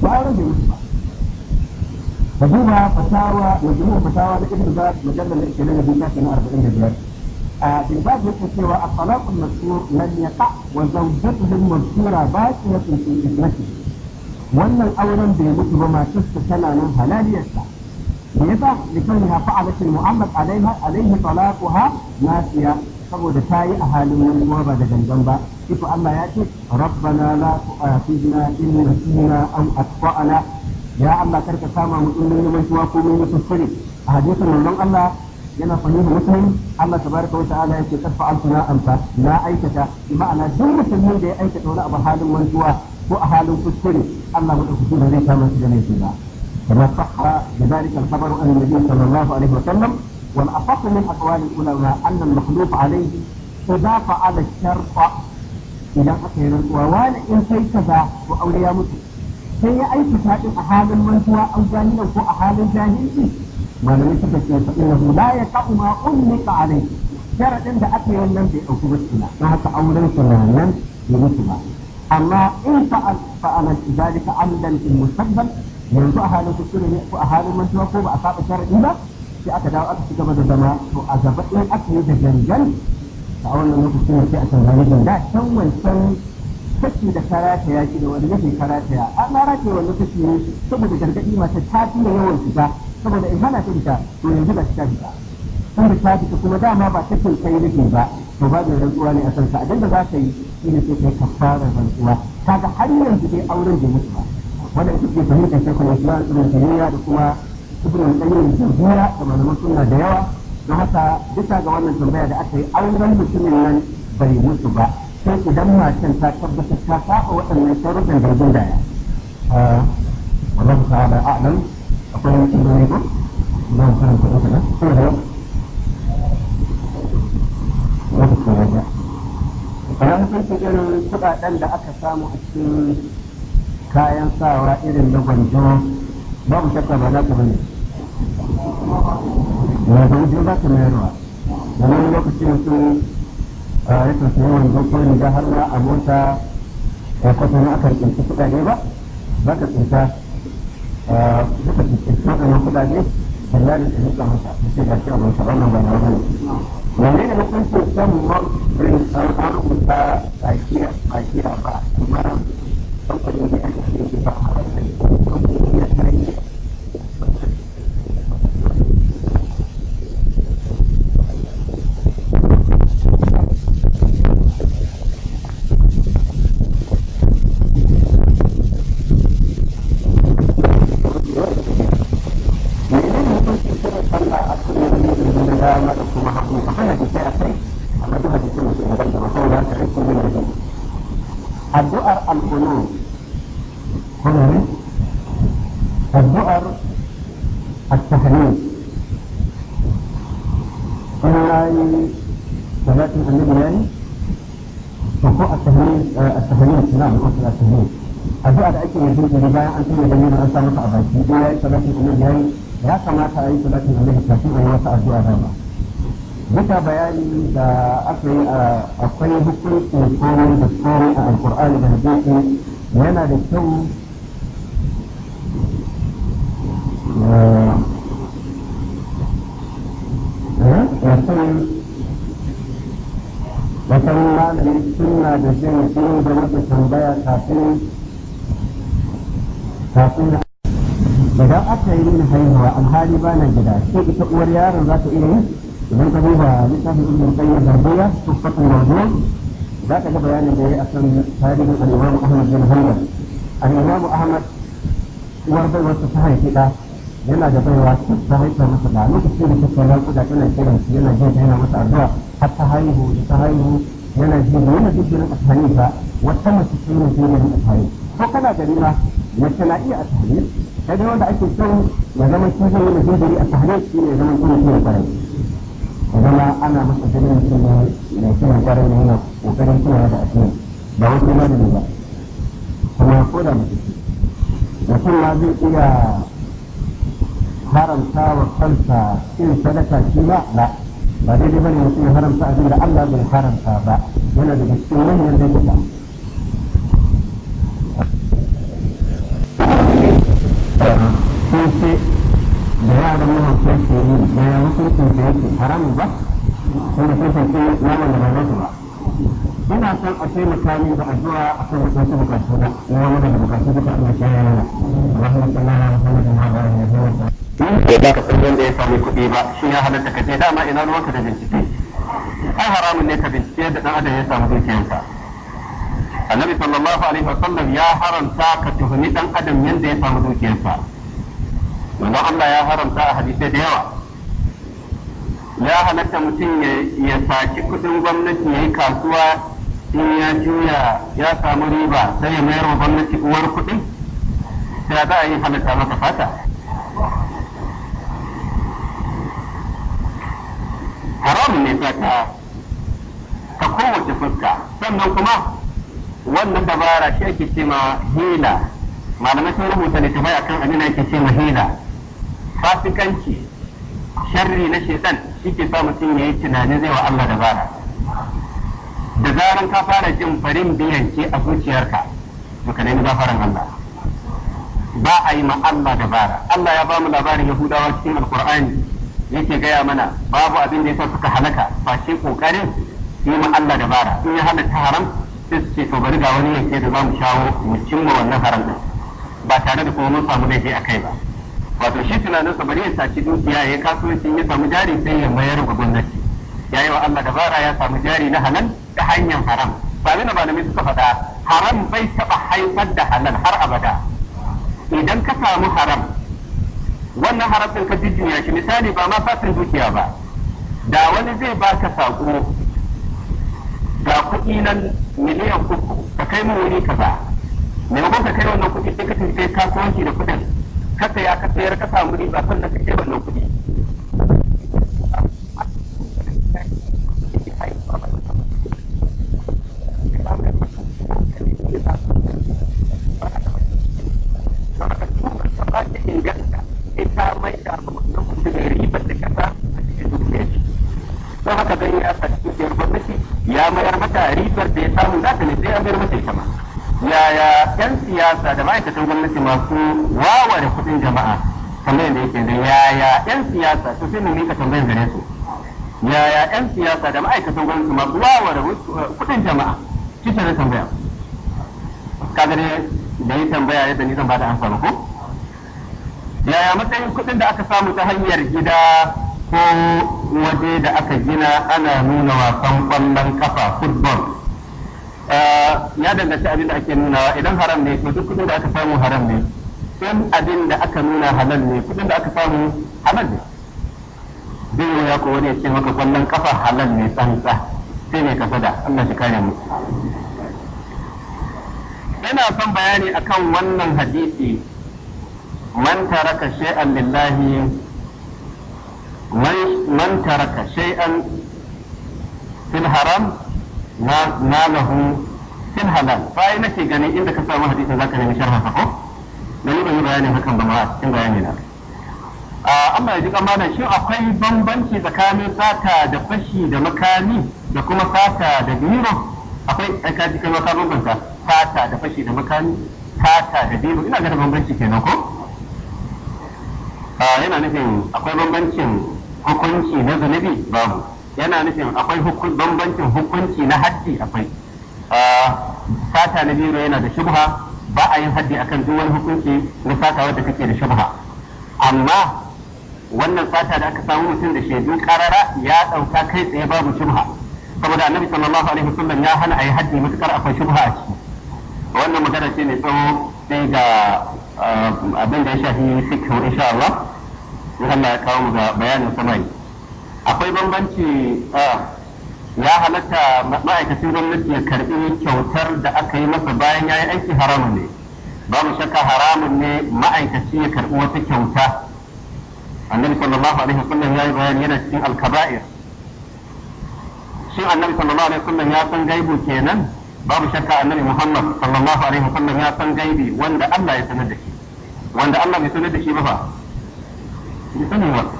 ba auren bai mutu ba ka duba fatawa wajen fasawa da ibn zar mujallal 25 na 45 بالباب يكتب الطلاق المشهور لم يقع وزوجته المذكورة باقية في إثمته wannan auren bai mutu ba matarsa tana nan halaliyarsa me yasa likanha fa'alat al-mu'ammad alaiha alaihi talaquha nasiya saboda ta yi a halin wani kuma ba da gangan ba ito Allah ya ce rabbana la tu'akhidna in nasina aw akhtana ya Allah karka kama mu in mun yi mantuwa ko mun yi kuskure a hadisin manzon Allah yana sanye da musulmi Allah tabaraka wa ta'ala yake kad fa'altu na anta na aikata bi ma'ana duk musulmin da ya aikata wani abu halin wanzuwa ko a halin kuskure Allah madaukaki ba zai kama shi da laifi ba kama sahha da dalika al-khabaru an nabi sallallahu alaihi wa sallam wal afaq min aqwal ulama anna al-makhluf alayhi idza fa'ala sharqa idan aka yi rantsuwa wani in sai kaza ko aure ya mutu sai ya aikata din a halin mantuwa an ko a halin jahilci malamai suka ce fa innahu la yaqa'u ma ummika alayhi sharadin da aka yi wannan bai dauki ba na haka auren su nan ya mutu ba amma in fa'al fa'ala zalika amdan fil mustaqbal yanzu a halin ku ne ko a halin mantuwa ko ba a saba sharadi ba sai aka dawo aka ci gaba da zama to a gaba ɗin aka yi da gangan a wannan lokacin sai a tambayi da da can wancan kashi da karata ya ki da wani yake karata ya an rataye wani kashi ne saboda gargadi mata ta yawan shiga saboda in hana ta fita to yanzu ba ta kun da ta fita kuma dama ba ta kai kai nake ba to ba da rantsuwa ne a kansa a da za ka yi shi ne sai kai kafara rantsuwa kaga har yanzu dai auren da mutu wanda wanda ita ce fahimtar shekul islam ibn taymiya da kuma ibn qayyim jawziya da malaman sunna da yawa don haka bisa ga wannan tambaya da aka yi auren mutumin nan bai mutu ba sai idan matan ta tabbatar ta saba waɗannan sharuɗin da ya gindaya. والله تعالى nan. akwai yawancin bayan kuɗaɗen da aka samu a cikin kayan sawa irin na gwanjo babu shakka ba za ka bane ba gwanjo ba ka mayarwa da wani lokaci mutum ya tafiye wanzo ko riga har ma a mota ya kwatanta akan tsinci kuɗaɗe ba za ka tsinta waɗannan kuɗaɗe da na da su rika masa sai ga cewa masa wannan ba na wani wani ne hukunci kan ba kuma ɗan kudin wani bayanin ya kamata a yi salatin alaihi kafin a yi wasu addu'a dama bisa bayani da aka yi akwai hukuncin komai da komai a alkur'ani da hadisi yana da kyau wasan eh, eh, malamin suna da jin sun da wata tambaya kafin kafin idan aka yi nuna haihuwa alhali ba na gida sai ita uwar yaron za ta iya yi idan ka duba littafin ibn qayyim zarbiya fatan mawdu za ka ga bayanin da ya akan tarihin al-imam Ahmad bin Hanbal al-imam Ahmad uwar bai ta haifi da yana da baiwa ta haifa masa da lokacin da take nan kuda tana kiran shi yana jin yana masa addu'a har ta haihu da ta haihu yana ji da yana ji kiran asani ba wata mace ce ne da yana ko kana gari ma mace na iya asani sai dai wanda ake son ya zama shi zai wani hijiri a tahrir shi ne zama kuma shi ya zama ana masa jinin shi ne mai kiran kwarai ne yana kokarin kiyaye da addini ba wasu madadi ba kuma ko da mutum mutum ma zai iya haramta wa kansa irin sadaka shi ma ba ba daidai bane mutum ya haramta abin da Allah bai haramta ba yana daga cikin wannan zai sun da yaran mahaifin ke yi da ya hukuncin da yake haramu ba wanda da san sai naman da ba nasu ba ina son a mutane min da addu'a a kan wasu bukatu na wani da bukatu duka Allah ya yi wa rahmatullahi wa barakatuhu bai ba ka san da ya sami kuɗi ba shi ya halatta ka ce dama ina ruwanka da bincike ai haramun ne ka bincike da ɗan adam ya samu dukiyarsa annabi sallallahu alaihi wasallam ya haramta ka tuhumi dan adam yanda ya samu dukiyarsa manzo Allah ya haramta a hadisi da yawa ya halatta mutum ya saki kudin gwamnati yayi kasuwa in ya juya ya samu riba sai ya mayar wa gwamnati uwar kudin sai za a yi halatta masa fata haramun ne fata ta kowace fuska sannan kuma wannan dabara shi ake ce ma hila malamai sun rubuta littafai akan abin da ake ce ma hila fasikanci sharri na shaitan shi ke sa mutum ya yi tunanin zai wa Allah dabara da zaran ka fara jin farin biyan a zuciyarka to ka nemi zafaran Allah ba a yi ma Allah dabara Allah ya ba mu labarin Yahudawa cikin Alkur'ani yake gaya mana babu abin da ya sa suka halaka ba shi kokarin yi ma Allah dabara in ya halatta haram sai ce to bari ga wani yanke da za mu shawo mu cimma wannan haram ba tare da kuma mun samu laifi a kai ba wato shi tunanin sa bari ya saci dukiya ya kasuwanci ya samu jari sai ya mayar ga gwamnati ya yi wa Allah dabara ya samu jari na halal ta hanyar haram ba na malamai suka faɗa haram bai taɓa haifar da halal har abada idan ka samu haram wannan haram ɗin ka jujjuya shi misali ba ma fatin dukiya ba da wani zai baka saƙo ga kuɗi nan miliyan uku ka kai mu wuri kaza maimakon ka kai wannan kuɗi sai ka tafi kasuwanci da kuɗin ka saya ka sayar ka samu riba sannan ka kai wannan kuɗi siyasa da ma'aikatan gwamnati masu waware kuɗin jama'a kamar yadda yake da yaya 'yan siyasa su sai mu mika tambayar gare su yaya 'yan siyasa da ma'aikatan gwamnati masu waware kuɗin jama'a shi ce na tambaya kaga ne da yi tambaya yadda ni zan ba da amsa ba ko yaya matsayin kuɗin da aka samu ta hanyar gida ko waje da aka gina ana nuna wasan ƙwallon kafa football ya danganci abin da ake nunawa idan haram ne to duk kudin da aka samu haram ne in abin da aka nuna halal ne kudin da aka samu halal ne bin ya ko wani ya ce maka kwallon kafa halal ne tsantsa sai ne da Allah shi kare mu yana son bayani akan wannan hadisi man taraka shay'an lillahi man taraka shay'an fil haram ma lahu sin halal bai nake ganin inda ka samu hadisin zaka nemi sharha ko dan ban yi bayanin hakan ba ma cikin bayani na amma yaji kan mana shin akwai bambanci tsakanin sata da fashi da makami da kuma sata da biro akwai ai ji kai maka bambanta sata da fashi da makami sata da biro ina ganin bambanci kenan ko yana nufin akwai bambancin hukunci na zunubi babu yana nufin akwai bambancin hukunci na haddi akwai ah, sata na biro yana da shubha ba a yin haddi akan duk wani hukunci na sata wadda kake da shubha amma wannan sata da aka samu mutum da shaidu karara ya ɗauka kai tsaye babu shubha saboda annabi sallallahu alaihi wasallam ya hana a yi haddi matukar akwai shubha a ciki wannan magana ce mai tsawo sai ga ah, abin da ya shafi fiqh insha Allah Allah ya kawo mu ga bayanin samari. akwai bambanci ya halatta ma'aikacin gwamnati ya karbi kyautar da aka yi masa bayan ya yi aiki haramun ne ba mu shakka haramun ne ma'aikaci ya karbi wata kyauta annabi sallallahu alaihi wasallam ya yi bayani yana cikin alkaba'ir shin annabi sallallahu alaihi wasallam ya san gaibu kenan babu shakka annabi muhammad sallallahu alaihi wasallam ya san gaibi wanda Allah ya sanar da shi wanda Allah bai sanar da shi ba ba bai sani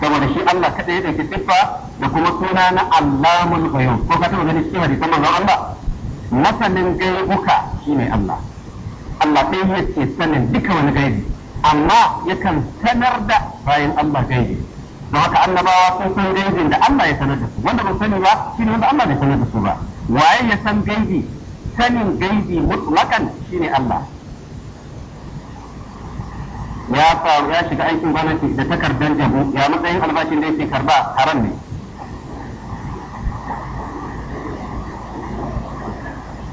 saboda shi Allah kaɗai ya dauki siffa da kuma suna na Allahul Ghayb ko ka taba ganin cikin hadisan manzon Allah masanin gaibuka shine Allah Allah sai ya ce sanin duka wani gaibi amma yakan sanar da bayan Allah gaibi don haka annabawa sun san gaibin da Allah ya sanar da su wanda ba sani ba shine wanda Allah bai sanar da su ba waye ya san gaibi sanin gaibi mutlakan shine Allah ya faru ya shiga aikin gwamnati da takardar jabu ya matsayin albashin da yake karba haram ne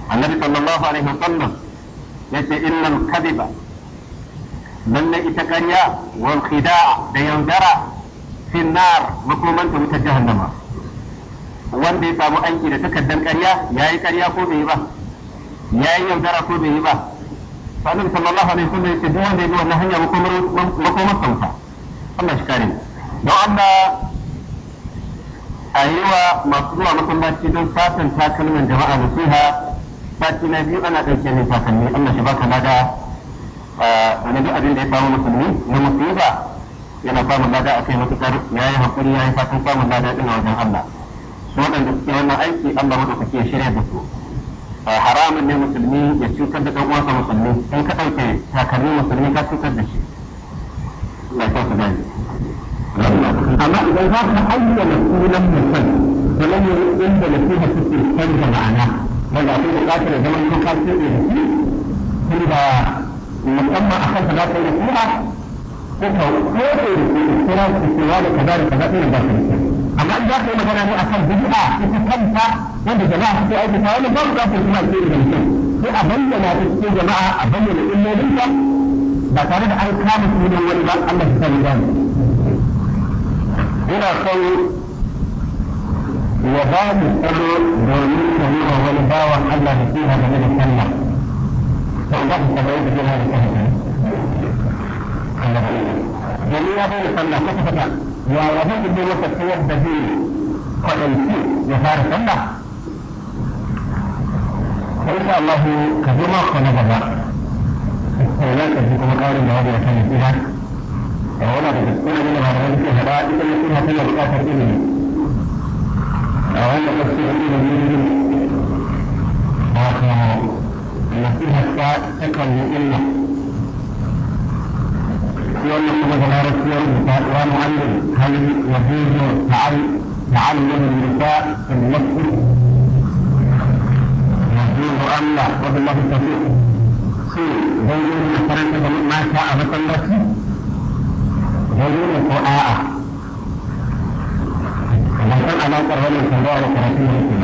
annabi sallallahu alaihi wasallam yace innal ba. lalle ita ƙarya wal khida'a da yaudara fi nar makomanta wutar jahannama wanda ya samu aiki da takardar ƙarya yayi ƙarya ko bai yi ba yayi yaudara ko bai yi ba sanin sallallahu alaihi wasallam yake duk wanda ya bi wannan hanya makomar makomar sauka Allah shi kare don Allah a yi masu zuwa masallaci don satan takalmin jama'a nasiha sati na biyu ana ɗauke ne takalmi Allah shi baka lada wani duk abin da ya samu musulmi na musiba yana samun lada a kai matuƙar ya yi haƙuri ya yi fatan samun lada ɗin wajen Allah su waɗanda suke wannan aiki Allah madaukaki ya shirya da su Eh, haramun ne musulmi ya cutar da uwansa musulmi in ka ɗauke takalmi musulmi ka cutar da shi na ta su gani amma idan za ka ayyana sunan mutum da nan ne inda da su hasu ke canza ma'ana wanda akwai buƙatar zama ko ka ce da shi tun da musamman a kansa za yi da kuma ko ka ko da su kira su cewa da kaza da kaza ɗin da ba ka yi amma in za ka yi magana ne akan bid'a ita kanta wanda jama'a suke aikata wani ba mu ɗaukar kuma ke da mutum sai a bayyana ta cikin jama'a a bayyana illolinta ba tare da an kama sunan wani ba Allah ya sani ba ina son ya ba mu tsaro domin ka yi wa wani bawan Allah da kima game da sallah sai za ku kamar yadda jama'a da kanta Allah ya bai da sallah kwata-kwata yaya zan iya masa sayar da zai kwaɗanci ya fara sallah sai sa Allah ka zo mako na gaba sai za ka ji kuma ƙarin da wani ya sani ina da wani da gaskiya ne ba da wani ke haɗa ita ne suna sanya buƙatar ilimi a wannan gaskiya ilimi ne ba ka nasiha ta takan yi illa لأنه مثلا هل يجوز تعلم النساء في يجوز أم لا؟ وبالله التوفيق. زوجين مثلا ما شاء مثلا زوجين فؤاء مثلا أنا أقرأ من كبار وثلاثين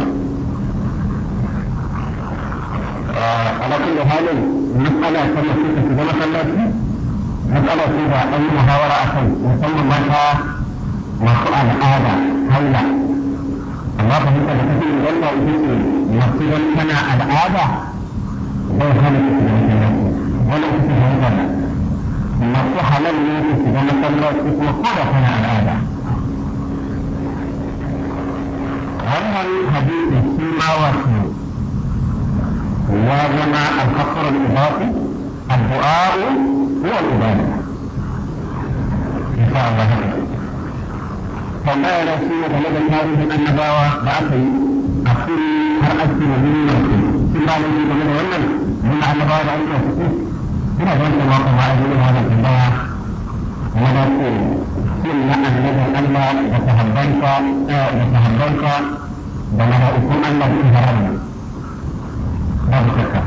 على كل حال المسألة كما في مثلا matsala ce da ɗan yi muhawara a kai musamman mata masu al'ada haila amma fahimta da kafin wannan ita ce masu don tana al'ada bai hana su da wajen wannan ita ce hanyar masu halal ne su shiga masallaci kuma ko da tana al'ada wannan hadisi shi ma wato ya zama alhaƙar al-ibafi الدعاء هو العبادة والله لا سيما لدى من النبوة بعثي أخي أرأت مدينة ثم بعد ذلك من العلم ثم عن بعض الناس هنا ظن الله عليه هذا الإباح ولكن ثم أهلك الأمر وتهبلت وتهبلت بلغكم أنه تهربنا ذلك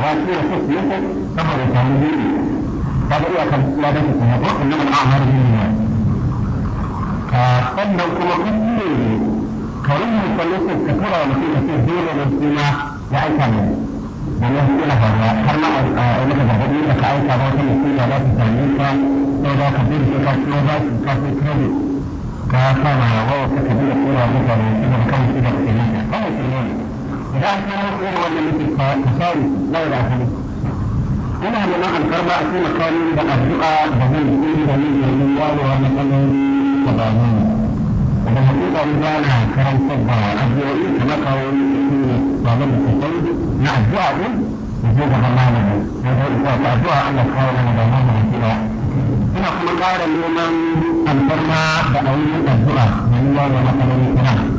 وهذه حسنة فقد تعلمين هذا هو لا بأس به إنما الأعمال بالنيات آه، فأما الكمقيم كريم فليس كثرة وفي كثير الاجتماع لا يكمل لأنه إلى هذا كما أنك تقول لك أي كبار مسلمة لا تتعلمك ولا كبير في كثيرة في كثيرة كما وكبير في كثيرة مثلا إذا كانت إلى كثيرة أو كثيرة da an yi musu kawai neman a cikin kawai da addu'a da zan yi da ni da wani wani kalmomi da ba ni da hakika ba na karantarwa addu'o'i da na kawo ba na mutum na addu'a ɗin da zai zama malami da zai ta addu'a kawo mana da kira ina kuma ƙara neman alfarma da auren addu'a da ni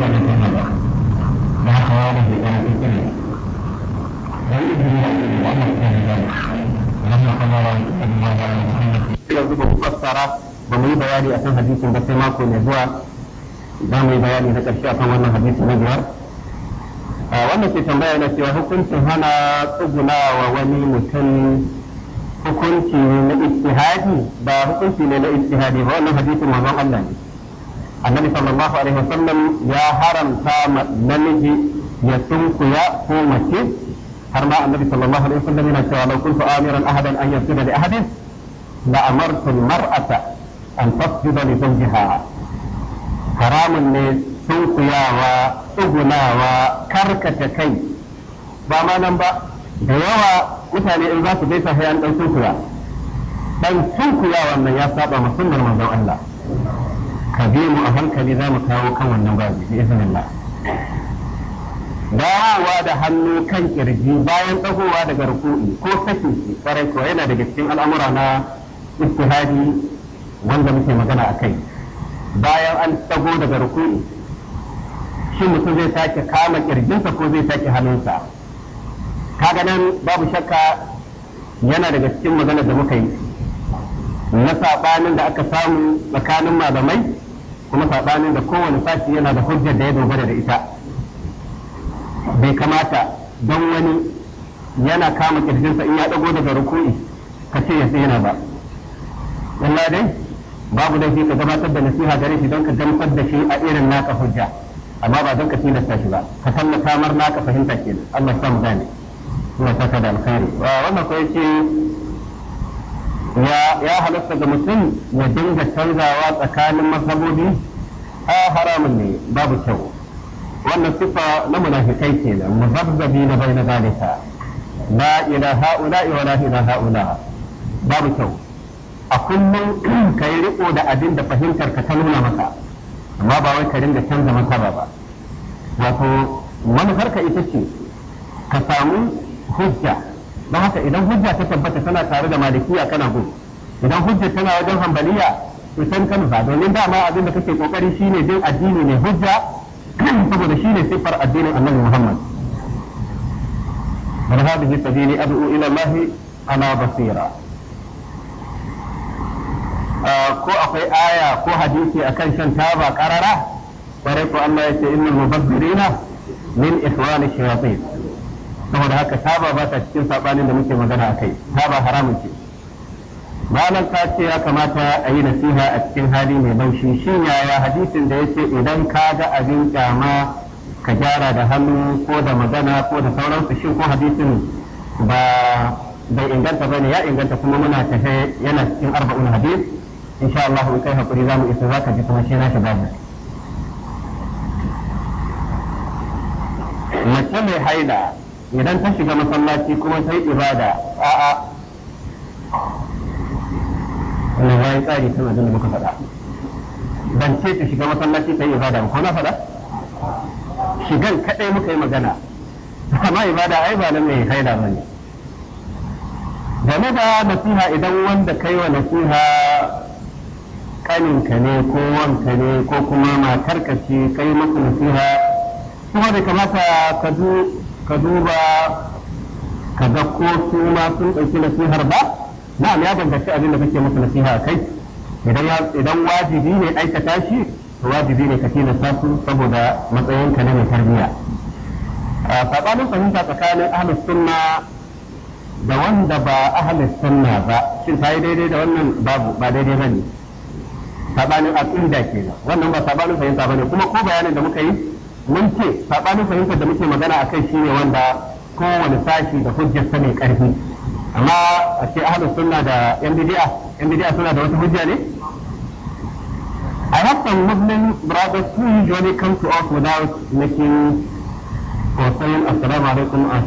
يتملك مع خوارج في ذلك ولما قرر الله على محمد يجب مقصرة ومن بياني أكون حديث بس ما كون يزوى دامي بياني ذكر شيء أكون وانا حديث نجوى wanda ke tambaya na cewa hukuncin hana tsuguna wa wani mutum hukunci ne na ijtihadi ba hukunci ne na ijtihadi ba wannan hadisin manzon Allah ne annabi sallallahu alaihi wasallam ya haramta ma namiji ya sunkuya ko mace har ma annabi sallallahu alaihi wasallam yana cewa law kuntu amiran ahadan an yasjuda li ahadin la amartu almar'ata an tasjuda li zawjiha haramun ne sunkuyawa tsugunawa karkata kai ba ma nan ba da yawa mutane in za su gaisa sai an dan sunkuya dan sunkuya wannan ya saba ma sunnar manzon Allah Kabiru mu a hankali za mu kawo kan wannan babi bi iznillah dawowa da hannu kan kirji bayan tsagowa daga ruku'i ko sakin shi kwarai ko yana daga cikin al'amura na istihadi wanda muke magana a kai bayan an tsago daga ruku'i shi mutum zai sake kama kirjinsa ko zai sake hannunsa kaga nan babu shakka yana daga cikin maganar da muka yi na saɓanin da aka samu tsakanin malamai kuma saɓanin da kowane sashi yana da hujjar da ya dogara da ita bai kamata don wani yana kama kirjinsa in ya dago daga ruku'i ka ce ya tsena ba illa dai babu da ka gabatar da nasiha gare shi don ka gamsar da shi a irin naka hujja amma ba don ka tilasta shi ba ka san kamar naka fahimta kenan Allah ya samu gane Allah saka da alkhairi wannan ko yace ya halatta ga mutum ya dinga canzawa tsakanin mazhabobi a haramun ne babu kyau wannan sifa na munafikai kenan muzabzabi na bai na zalika la ila haula wa la ila haula babu kyau a kullum <clears throat> ka yi riko da abin da fahimtar ka ta nuna maka amma ba wai ka dinga canza masaba ba wato ka ita ce ka samu hujja don haka idan hujja ta tabbata tana tare da malikiya kana gun idan hujja tana wajen hambaliya to san ka da domin dama abin da kake kokari shine bin addini ne hujja saboda shine siffar addinin annabi Muhammad bar hadhihi sabili ad'u ila Allah ana basira ah, ko akwai aya ko hadisi akan shan taba karara bare ko Allah ya ce innal mubazzirina min ikhwani shayatin saboda haka taba ba ta cikin sabanin da muke magana a kai taba haramun ce malam ta ce ya kamata a yi nasiha a cikin hali mai laushi shin yaya hadisin da ya ce idan ka ga abin kyama ka gyara da hannu ko da magana ko da sauransu shi ko hadisin ba bai inganta bane ya inganta kuma muna tafe yana cikin arba'un hadis insha Allah in kai hakuri zamu isa zaka ji kuma shi na shi mace mai haila idan ta shiga masallaci kuma sai ibada a'a wani bayan tsari a da muka faɗa ban ce ta shiga masallaci ta yi ibada ba ko na faɗa shigan kaɗai muka yi magana amma ibada ai ba na mai haila ba ne game da nasiha idan wanda kai wa nasiha kaninka ne ko wanka ne ko kuma matarka ce kai masa nasiha kuma da kamata ka ka duba ka ga ko su ma sun ɗauki nasihar ba na'am ya danganci abin da kake musu nasiha kai idan wajibi ne aikata shi to wajibi ne ka na su saboda matsayinka na mai tarbiyya sabanin fahimta tsakanin ahalus sunna da wanda ba ahalus sunna ba shin ta yi daidai da wannan babu ba daidai ba ne sabanin aqida ke wannan ba sabanin fahimta bane kuma ko bayanin da muka yi mun ce sabanin fahimtar da muke magana a kai shine wanda kowane sashi da hujjar sa mai karfi amma a ce ahlu sunna da yan bid'a yan bid'a suna da wata hujja ne I have some Muslim brothers who usually come to us without making or saying assalamu alaikum as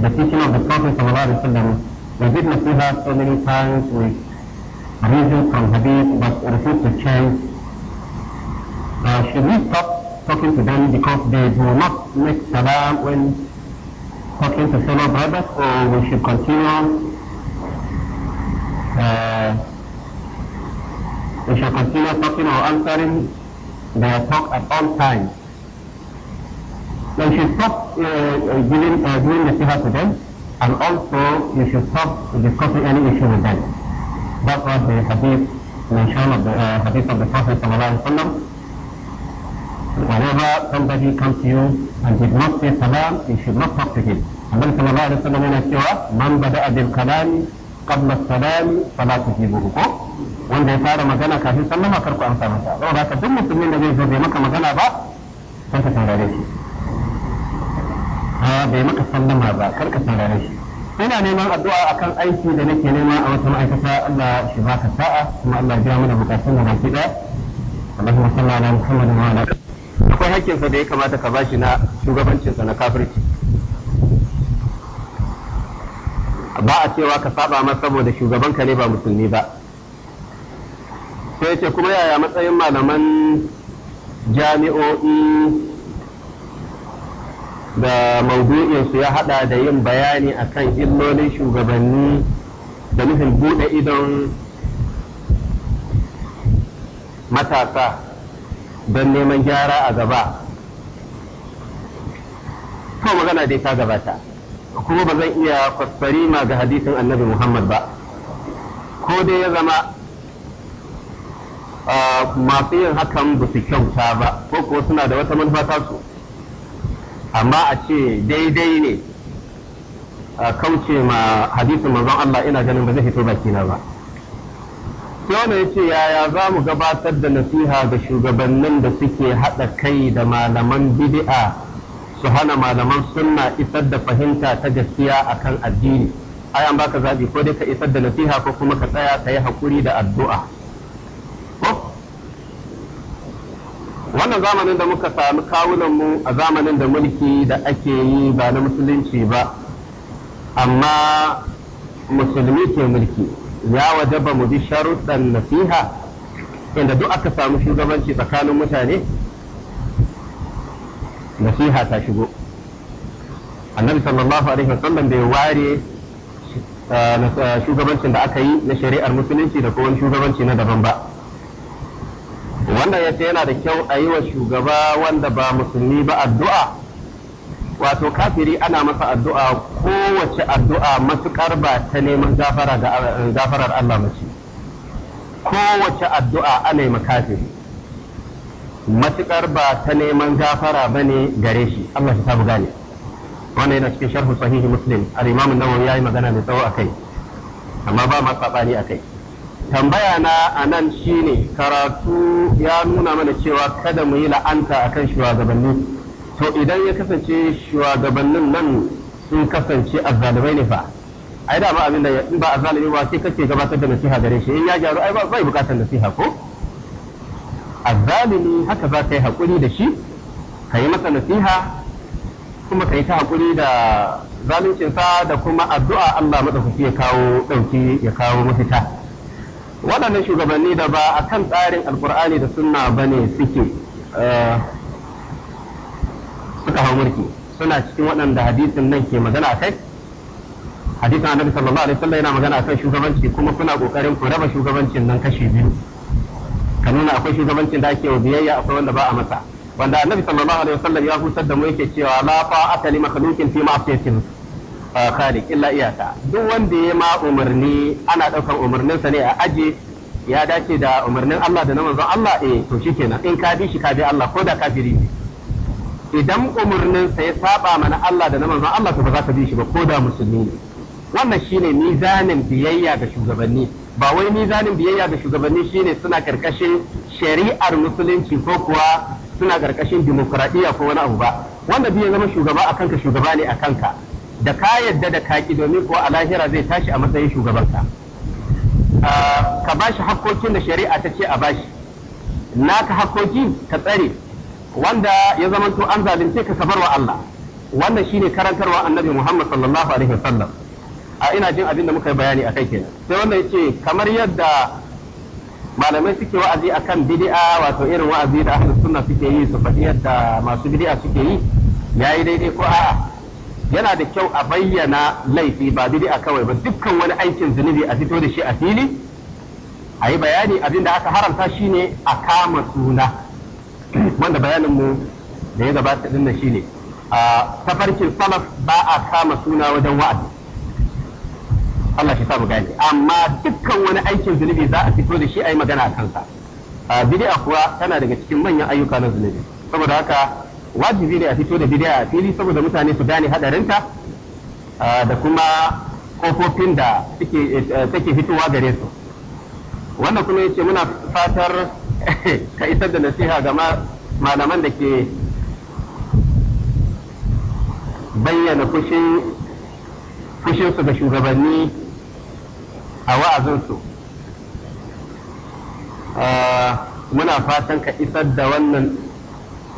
the teaching of the Prophet sallallahu alaihi wasallam. We did nasiha so many times with reasons from hadith but refused to change. Uh, should we stop talking to them because they do not make salam when talking to fellow brothers, or we should continue. Uh, we should continue talking or answering their talk at all times. You should stop uh, uh giving uh, doing the siha to them, and also you should stop discussing any issue with them. That was the hadith mentioned of the uh, hadith of the Prophet sallallahu alaihi wasallam. whenever somebody comes to you and did not say salam, you should not talk to him. Annabi sallallahu alaihi wasallam yana cewa man bada'a bil kalami qabla salam fala tujibuhu ko wanda ya fara magana kafin sallama kar ku amsa masa. Saboda haka duk musulmin da zai zo bai maka magana ba sai ka saurare shi. Ha ah, bai maka sallama ba kar shi. Ina neman addu'a akan aiki da nake nema a wata ma'aikata Allah shi baka sa'a kuma Allah ya ji mana bukatun da baki daya. اللهم صل على محمد akwai hakinsa da ya kamata ka bashi na shugabancinsa na kafirci ba a cewa ka saba masa saboda shugabanka ne ba musulmi ba sai ce kuma yaya matsayin malaman jami'o'i da maudu'insu ya hada da yin bayani a kan illolin shugabanni da nufin buɗe idon matasa don neman gyara a gaba ko magana dai ta gabata kuma ba zan iya kwasfarima ga hadisin annabi muhammad ba ko dai ya zama ah, masu yin hakan ba su kyauta ba ko kuwa suna da wata manufa tasu amma a ce daidai ne a kauce ma hadisin manzon Allah ina ganin ba zai fito bakina ba Fiona ya ce yaya za mu gabatar da nasiha ga shugabannin da suke haɗa kai da malaman bid'a su hana malaman sunna isar da fahimta ta gaskiya a kan addini. Ai an baka zaɓi ko dai ka isar da nasiha ko kuma ka tsaya ka yi haƙuri da addu'a. Wannan zamanin da muka sami kawunanmu a zamanin da mulki da ake yi ba na musulunci ba, amma musulmi ke mulki. ya wajaba mu bi sharuɗan nasiha inda duk aka samu shugabanci tsakanin mutane nasiha ta shigo annabi sallallahu alaihi wasallam bai ware eh, eh, shugabancin da aka yi na shari'ar musulunci da kowane shugabanci na daban ba wannan ya yana da kyau a yi wa shugaba wanda ba musulmi ba addu'a wato kafiri ana masa addu'a kowace addu'a masu ba ta neman gafara ga gafarar Allah mace kowace addu'a ana yi kafiri masu ba ta neman gafara ba ne gare shi Allah shi samu gane wannan yana cikin sharhu sahihi muslim al-imam an-nawawi yayi magana mai tsawo akai amma ba ma sabani akai tambaya na a nan shine karatu ya nuna mana cewa kada mu yi la'anta akan shugabanni to idan ya kasance shugabannin nan sun kasance azzalumai ne fa ai da ba abin da in ba azzalumi ba sai kake gabatar da nasiha gare shi in ya gyaru ai ba bai bukatar nasiha ko azzalumi haka za ka yi hakuri da shi ka yi masa nasiha kuma ka yi ta hakuri da sa, da kuma addu'a Allah madaukaki ya kawo dauki ya kawo mafita waɗannan shugabanni da ba akan tsarin alkur'ani da sunna bane suke eh, suka hau mulki suna cikin waɗanda hadisin nan ke magana a kai hadisin annabi sallallahu alaihi wasallam yana magana akan shugabanci kuma kuna kokarin ku raba shugabancin nan kashi biyu ka nuna akwai shugabancin da ake wa biyayya akwai wanda ba a masa wanda annabi sallallahu alaihi wasallam ya hutar da mu yake cewa la fa'ata li makhluqin fi ma'siyatin khaliq illa iyata duk wanda ya ma umarni ana daukar umarnin sa ne a aje ya dace da umarnin Allah da na manzon Allah eh to shikenan in ka bi shi ka bi Allah ko da kafiri ne idan umarninsa ya saba mana Allah da na manzon Allah to ba za ka bi shi ba ko da musulmi ne wannan shine mizanin biyayya ga shugabanni ba wai mizanin biyayya ga shugabanni shine suna karkashin shari'ar musulunci ko kuwa suna karkashin demokradiya ko wani abu ba wanda bai zama shugaba akan ka shugaba ne akan ka da ka yadda da ka kaki domin ko a lahira zai tashi a matsayin shugabanka ah, ka bashi hakkokin da shari'a ta ce a bashi naka hakkoki ka tsare wanda ya zama zamanto an zalunce ka wa Allah wanda shine karantarwa annabi Muhammad sallallahu alaihi wasallam a ina jin abin da muka yi bayani akai kenan sai wanda yace kamar yadda malamai suke wa'azi akan bid'a wato irin wa'azi da ahlus sunna suke yi su faɗi yadda masu bid'a suke yi yayi daidai ko a'a yana da kyau a bayyana laifi ba bid'a kawai ba dukkan wani aikin zunubi a fito da shi a fili a yi bayani abin da aka haramta shine a kama suna wanda bayanin mu da ya gabata din nan shine a tafarkin salaf ba a kama suna wajen wa'azi Allah shi samu gani amma dukkan wani aikin zunubi za a fito da shi a yi magana a kansa bid'a kuwa tana daga cikin manyan ayyuka na zunubi saboda haka wajibi ne a fito da bid'a a fili saboda mutane su gane hadarinta da kuma kofofin da eh, take fitowa gare su wannan kuma yace muna fatar ka isar da nasiha ga malaman da ke bayyana fushinsu ga shugabanni a wa'azinsu ah, muna fatan ka isar da wannan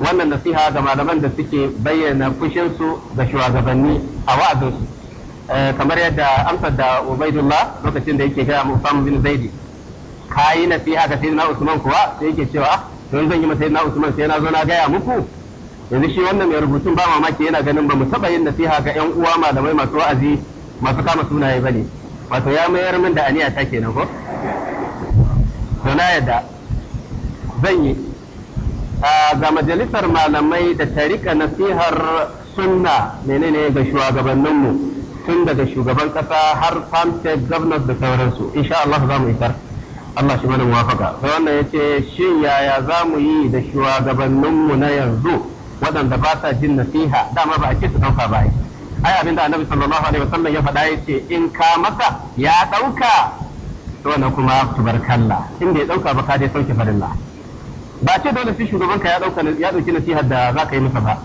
wannan nasiha ga malaman da suke bayyana fushinsu ga shugabanni a wa'azinsu eh, kamar yadda amsar da ubaidullah lokacin da yake gaya mu bin zaidi ka yi nasiha ga sayyidina Usman kuwa sai yake cewa ah, to zan yi masa sayyidina Usman sai na zo na gaya muku yanzu shi wannan mai rubutun ba mamaki yana ganin ba mu taba yin nasiha ga yan uwa malamai masu wa'azi masu kama sunaye bane wato ya mayar min da aniya ta kenan ko to na yadda zan yi ga majalisar malamai da tarika nasihar sunna menene ga shugabannin mu tun daga shugaban kasa har farm state governors da sauransu insha Allah za mu isar Allah shi mana muwafaka sai wannan yace shin yaya za mu yi da shugabanninmu na yanzu waɗanda ba sa jin nasiha dama ba a ce su ɗauka ba ai abinda annabi sallallahu alaihi wasallam ya faɗa yace in ka masa ya ɗauka to wannan kuma tubarkalla inda ya ɗauka ba ka dai sauke farilla ba ce dole sai shugabanka ya dauka ya ɗauki nasiha da za ka yi masa ba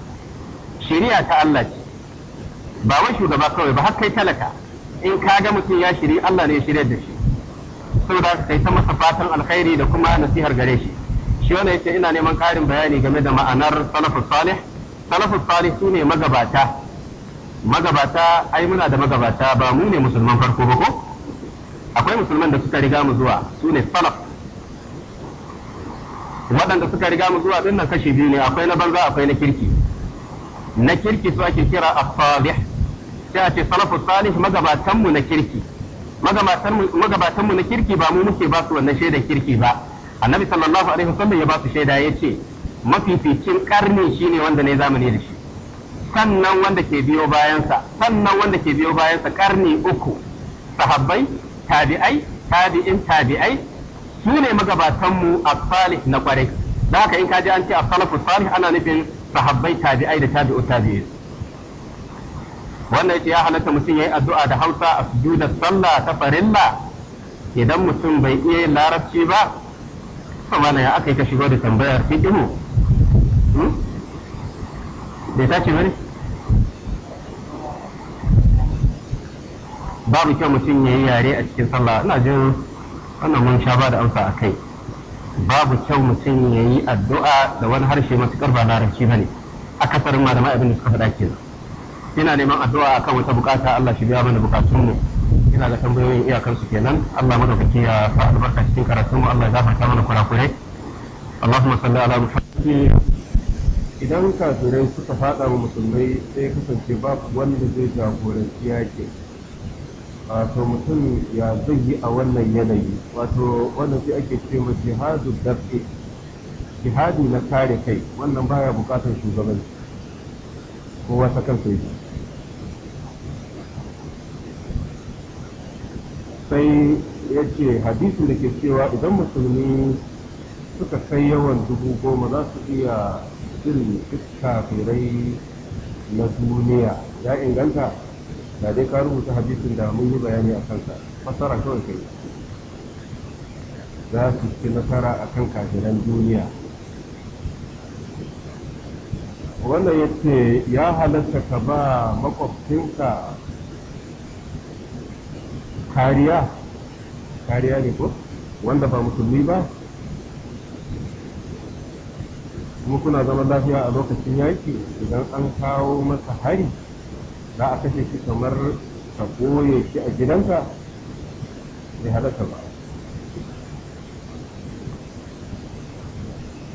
shari'a ta Allah ce ba wai shugaba kawai ba har kai talaka in ka ga mutum ya shiri Allah ne ya shirya da shi saboda ka kai ta masa fatan alkhairi da kuma nasihar gare shi shi wannan yace ina neman ƙarin bayani game da ma'anar salafus salih salafus salih sune magabata magabata ai muna da magabata ba mu ne musulman farko ba ko akwai musulman da suka riga mu zuwa sune salaf waɗanda suka riga mu zuwa dinnan kashi biyu ne akwai na banza akwai na kirki na kirki su ake kira as-salih sai a ce salafus salih magabatan mu na kirki Magabatanmu na kirki ba mu muke ba su wannan shaidan kirki ba annabi sallallahu alaihi wasallam ya ba su shaida ya ce mafificin karni shine wanda ne zamani da shi sannan wanda ke biyo bayansa sannan wanda ke biyo bayansa karni uku sahabbai tabi'ai tabi'in tabi'ai su ne magabatanmu as salih na kwarai da haka in kaji an ce a salafu salih ana nufin sahabbai tabi'ai da tabi'u tabi'in wannan yake ya halatta mutum ya yi addu'a da hausa a sujuda sallah ta farilla idan mutum bai iya yin larabci ba mana ya aka yi ka shigo da tambayar fiƙihu hmm? bai tace bane babu kyau mutum ya yi yare a cikin sallah ina jin wannan mun sha ba da amsa a kai babu kyau mutum ya yi addu'a da wani harshe matuƙar ba larabci ba ne akasarin malamai abin da suka faɗa kenan ina neman addu'a akan wata bukata Allah shi biya mana bukatun mu ina ga tambayoyin iyakar su kenan Allah madaukaki ya fa albarka cikin karatu mu Allah ya gafarta mana kurakure Allahumma salli ala muhammadin idan kafirai suka fada wa musulmai sai kasance babu wanda zai jagoranci yake, wato mutum ya zai yi a wannan yanayi wato wannan sai ake ce ma jihadu dafi jihadi na kare kai wannan baya bukatar shugabanci kowa ta kansa yake sai ya ce hadisin da ke cewa idan musulmi suka kai yawan dubu goma za su iya jin iska firai na duniya ya inganta da dai ka rubuta hadisin da mun yi bayani a kansa fasara kawai kai za su ci nasara a kan kafiran duniya wannan ya ce ya halatta ka ba makwabcinka kariya kariya ne ko wanda ba musulmi ba kuma kuna zama lafiya a lokacin yaki idan an kawo masa hari za a kashe shi kamar ka goye shi a gidanka bai halatta ba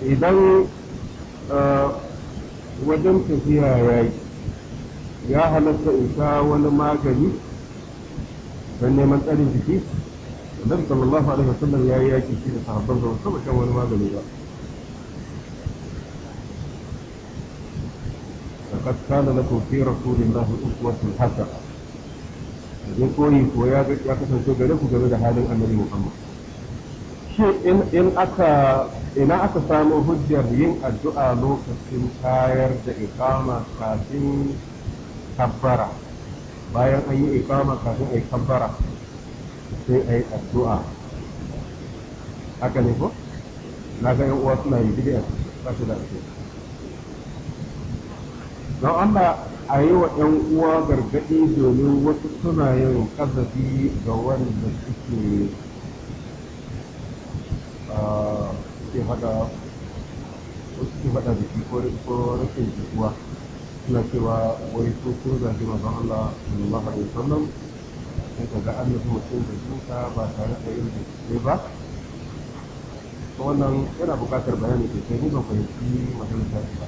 idan eh, wajen tafiya yaki ya halatta in sha wani magani don neman tsarin jiki annabi sallallahu alaihi wasallam ya yi yaki shi da sahabban sa saboda kan wani magani ba لقد كان لكم في رسول الله أسوة حسنة. يقول يا يا كسر شجرة كسر هذا النبي محمد. shi in aka ina aka samu hujjar yin addu'a lokacin tayar da ikama kafin kabbara bayan an yi ikama kafin a yi kabbara sai a yi addu'a haka ne ko na ga yan uwa suna yi bidiyar ba su da ake don Allah a yi wa yan uwa gargaɗi domin wasu suna yin kazafi ga wanda suke suke faɗa suke faɗa da shi ko rashin jituwa suna cewa wai su sun zafi mazan Allah sallallahu alaihi wasallam sai ka ga an nufi mutum da duka ba tare da yin jituwa ba wannan yana buƙatar bayani sosai ni ban fahimci maganar ta ba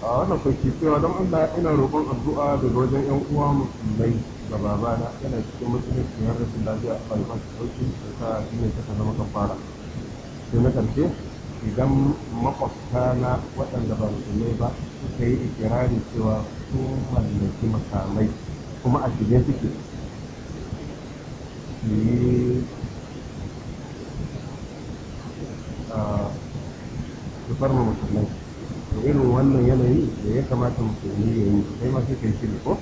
a wannan kwanci cewa don Allah ina roƙon addu'a daga wajen 'yan uwa musulmai ga babana yana cikin musulunci ya rashin lafiya a kwalifan da sauki da ta shi ne ta zama kafara sai na karshe idan makwabta na waɗanda ba musulmai ba suka yi ikirari cewa sun mallaki makamai kuma a shirye suke su yi farma musulmai to irin wannan yanayi da ya kamata musulmi ya yi sai ma suka yi shiri ko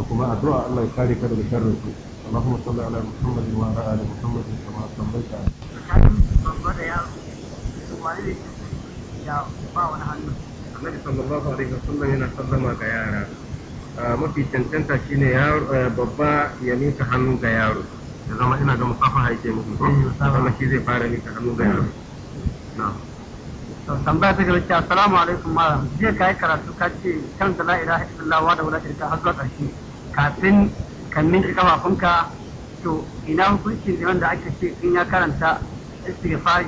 da kuma addu'a Allah ya kare ka daga sharrin su Allahumma salli ala Muhammad wa ala ali Muhammad kama sallaita wani wani ah, mafi cancanta eh, babba ya mika hannu ga yaro ya zama ina ga ko eh, shi zai fara hannu ga yaro tambaya ta gaba assalamu alaikum ma jiya kai karatu ka ce kan da la ilaha illallah wa da wala shirka har zuwa kafin ka miƙe kafafunka to ina hukuncin wanda ake ce in ya karanta istighfari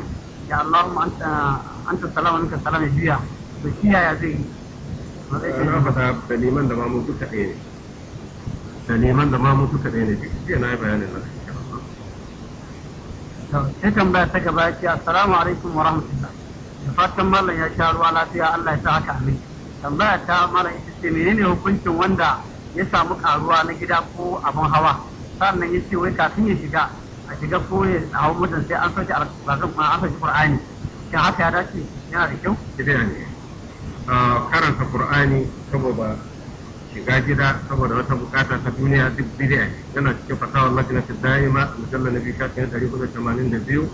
da Allahumma anta salama ka salama juya to shi yaya zai yi na faɗa da liman da mamu duka ɗaya ne da liman da mamu duka ɗaya ne jiya na yi bayanin nan sai tambaya ta gaba ce assalamu alaikum wa rahmatullah da fatan mallan ya sha ruwa lafiya Allah ya sa haka amin tambaya ta mallan ita ce menene hukuncin wanda ya samu karuwa na gida ko abin hawa sannan ya ce wai kafin ya shiga a shiga ko ya hau mutum sai an sauke alƙur'ani an sauke qur'ani shin haka ya dace yana da kyau tafiya ne karanta ƙur'ani saboda shiga gida saboda wata bukata ta duniya duk bidiya yana cikin fasahar ta da'ima mujallal na biyu shafin biyu.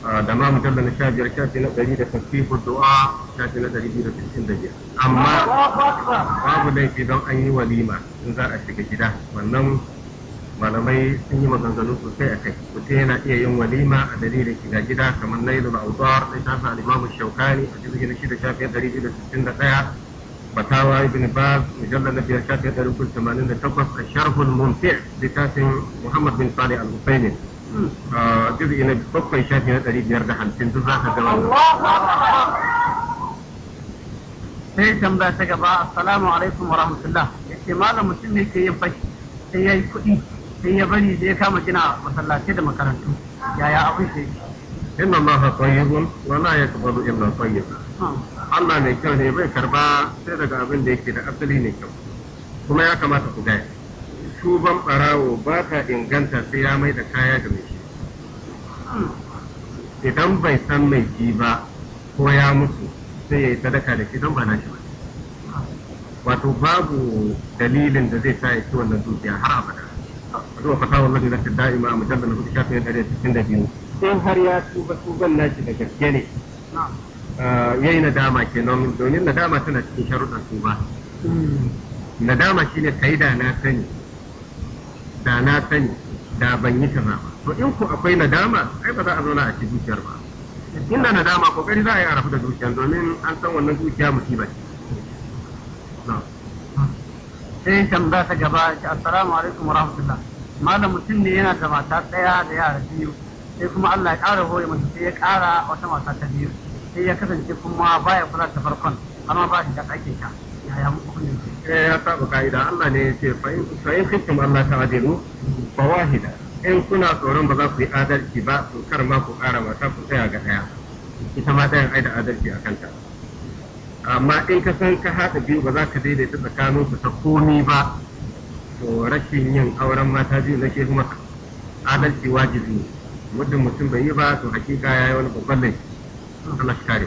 da ma da na sha biyar shafi na ɗari da tafi du'a shafi na ɗari biyu da sittin da biyar amma babu laifi don an yi walima in za a shiga gida wannan malamai sun yi maganganu sosai a kai mutum yana iya yin walima a dalilin shiga gida kamar na yi da shafi al'imamu shaukani a jirgin na shida shafi ɗari biyu da sittin da ɗaya fatawa ibn baz mujallar na biyar shafi ɗari da tamanin da takwas a sharhul mumti littafin muhammad bin salih al-husaynin Eh, juzi na bakwai shafi na ɗari biyar da hamsin duk za ka ga sai tambaya ta gaba assalamu alaikum wa rahmatullah yace malam mutum ne ke yin fashi sai ya yi kuɗi sai ya bari da ya kama gina masallaci da makarantu yaya abin shi inna allaha tayyibun wa la yaqbalu illa tayyib hmm. Allah ne kyau ne bai karba sai daga abin da yake da asali ne kyau kuma ya kamata ku gaya tuban barawo ba ta inganta sai ya mai da kaya ga mai shi idan bai san mai ji ba ko ya mutu sai ya yi sadaka da shi don ba shi ba wato babu dalilin da zai sa ya ci wannan dukiya har abada zuwa fata wallahi na ta da'ima a da na hudu shafin ɗari cikin da biyu Sai har ya tuba tuban nashi da gaske ne eh, yayi nadama kenan domin nadama tana cikin sharuɗan tuba hmm. nadama shine kaida na sani da na sani da ban yi kaza ba to in ku akwai nadama ai ba za a zauna a ci dukiyar ba inda nadama kokari za a yi a rafu da dukiyar domin an san wannan dukiya musiba ce sai tamba ta gaba ce assalamu alaikum wa rahmatullah malam mutum ne yana da mata ɗaya da yara biyu sai kuma Allah ya ƙara hore mata sai ya ƙara wata mata ta biyu sai ya kasance kuma baya kula da farkon amma ba shi da ake ta yaya muku ne Eh, ya saba ka'ida Allah ne ya ce fa in khiftum Allah ta'dilu fa wahida in kuna tsoron ba za ku yi adalci ba to kar ma ku ƙara mata ku tsaya ga ɗaya ita ma ɗayan aida da adalci a kanta amma in ka san ka haɗa biyu ba za ka daidaita tsakanin su ta komi ba to rashin yin auren mata biyu na ke kuma adalci wajibi ne muddin mutum bai yi ba to hakika ya yi wani babban laifi Allah shi kare.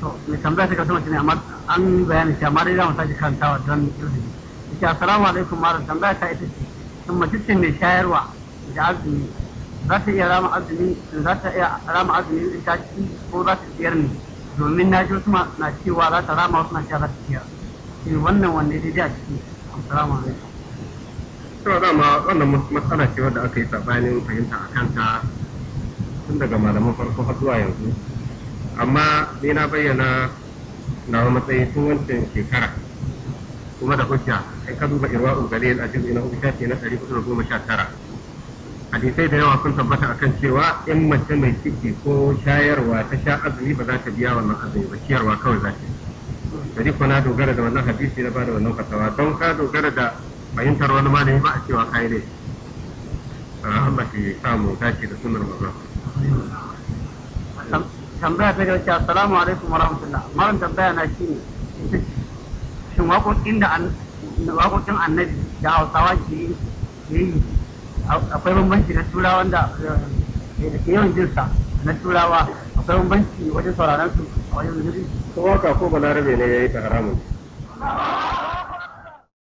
To, mai tambaya ta kasance ne amma an bayani ta ma dai za mu sake kantawa don ilimi yace assalamu alaikum mara tambaya ta ita ce shin mace mai shayarwa da azumi za ta iya rama azumi za ta iya rama azumi ta ci ko za ta ciyar ne domin na ji wasu na cewa za ta rama wasu na cewa za ta ciyar shi wannan wanne dai a ciki assalamu alaikum to dama wannan matsala ce wadda aka yi sabanin fahimta a kanta tun daga malaman farko har zuwa yanzu amma ni na bayyana na matsayi tun wancan shekara kuma da hujja in ka duba irwa galil a jirgin na hudu shafi na ɗari hudu da goma sha tara hadisai da yawa sun tabbata akan cewa in mace mai ciki ko shayarwa ta sha azumi ba za ta biya wannan azumi ba ciyarwa kawai za ta yi ko na dogara da wannan hadisi na bada wannan fatawa don ka dogara da fahimtar wani malami ba a cewa kai ne Allah shi samu dace da sunar mazan tambaya ta gaske assalamu alaikum wa rahmatullah malam tambaya na ne shin waƙoƙin da waƙoƙin annabi da hausawa ke yi akwai bambanci na turawa eh, da ke yawan jinsa na turawa akwai bambanci wajen sauraron su a wajen zuri ko waka ko balarabe ne ya yi ta haramun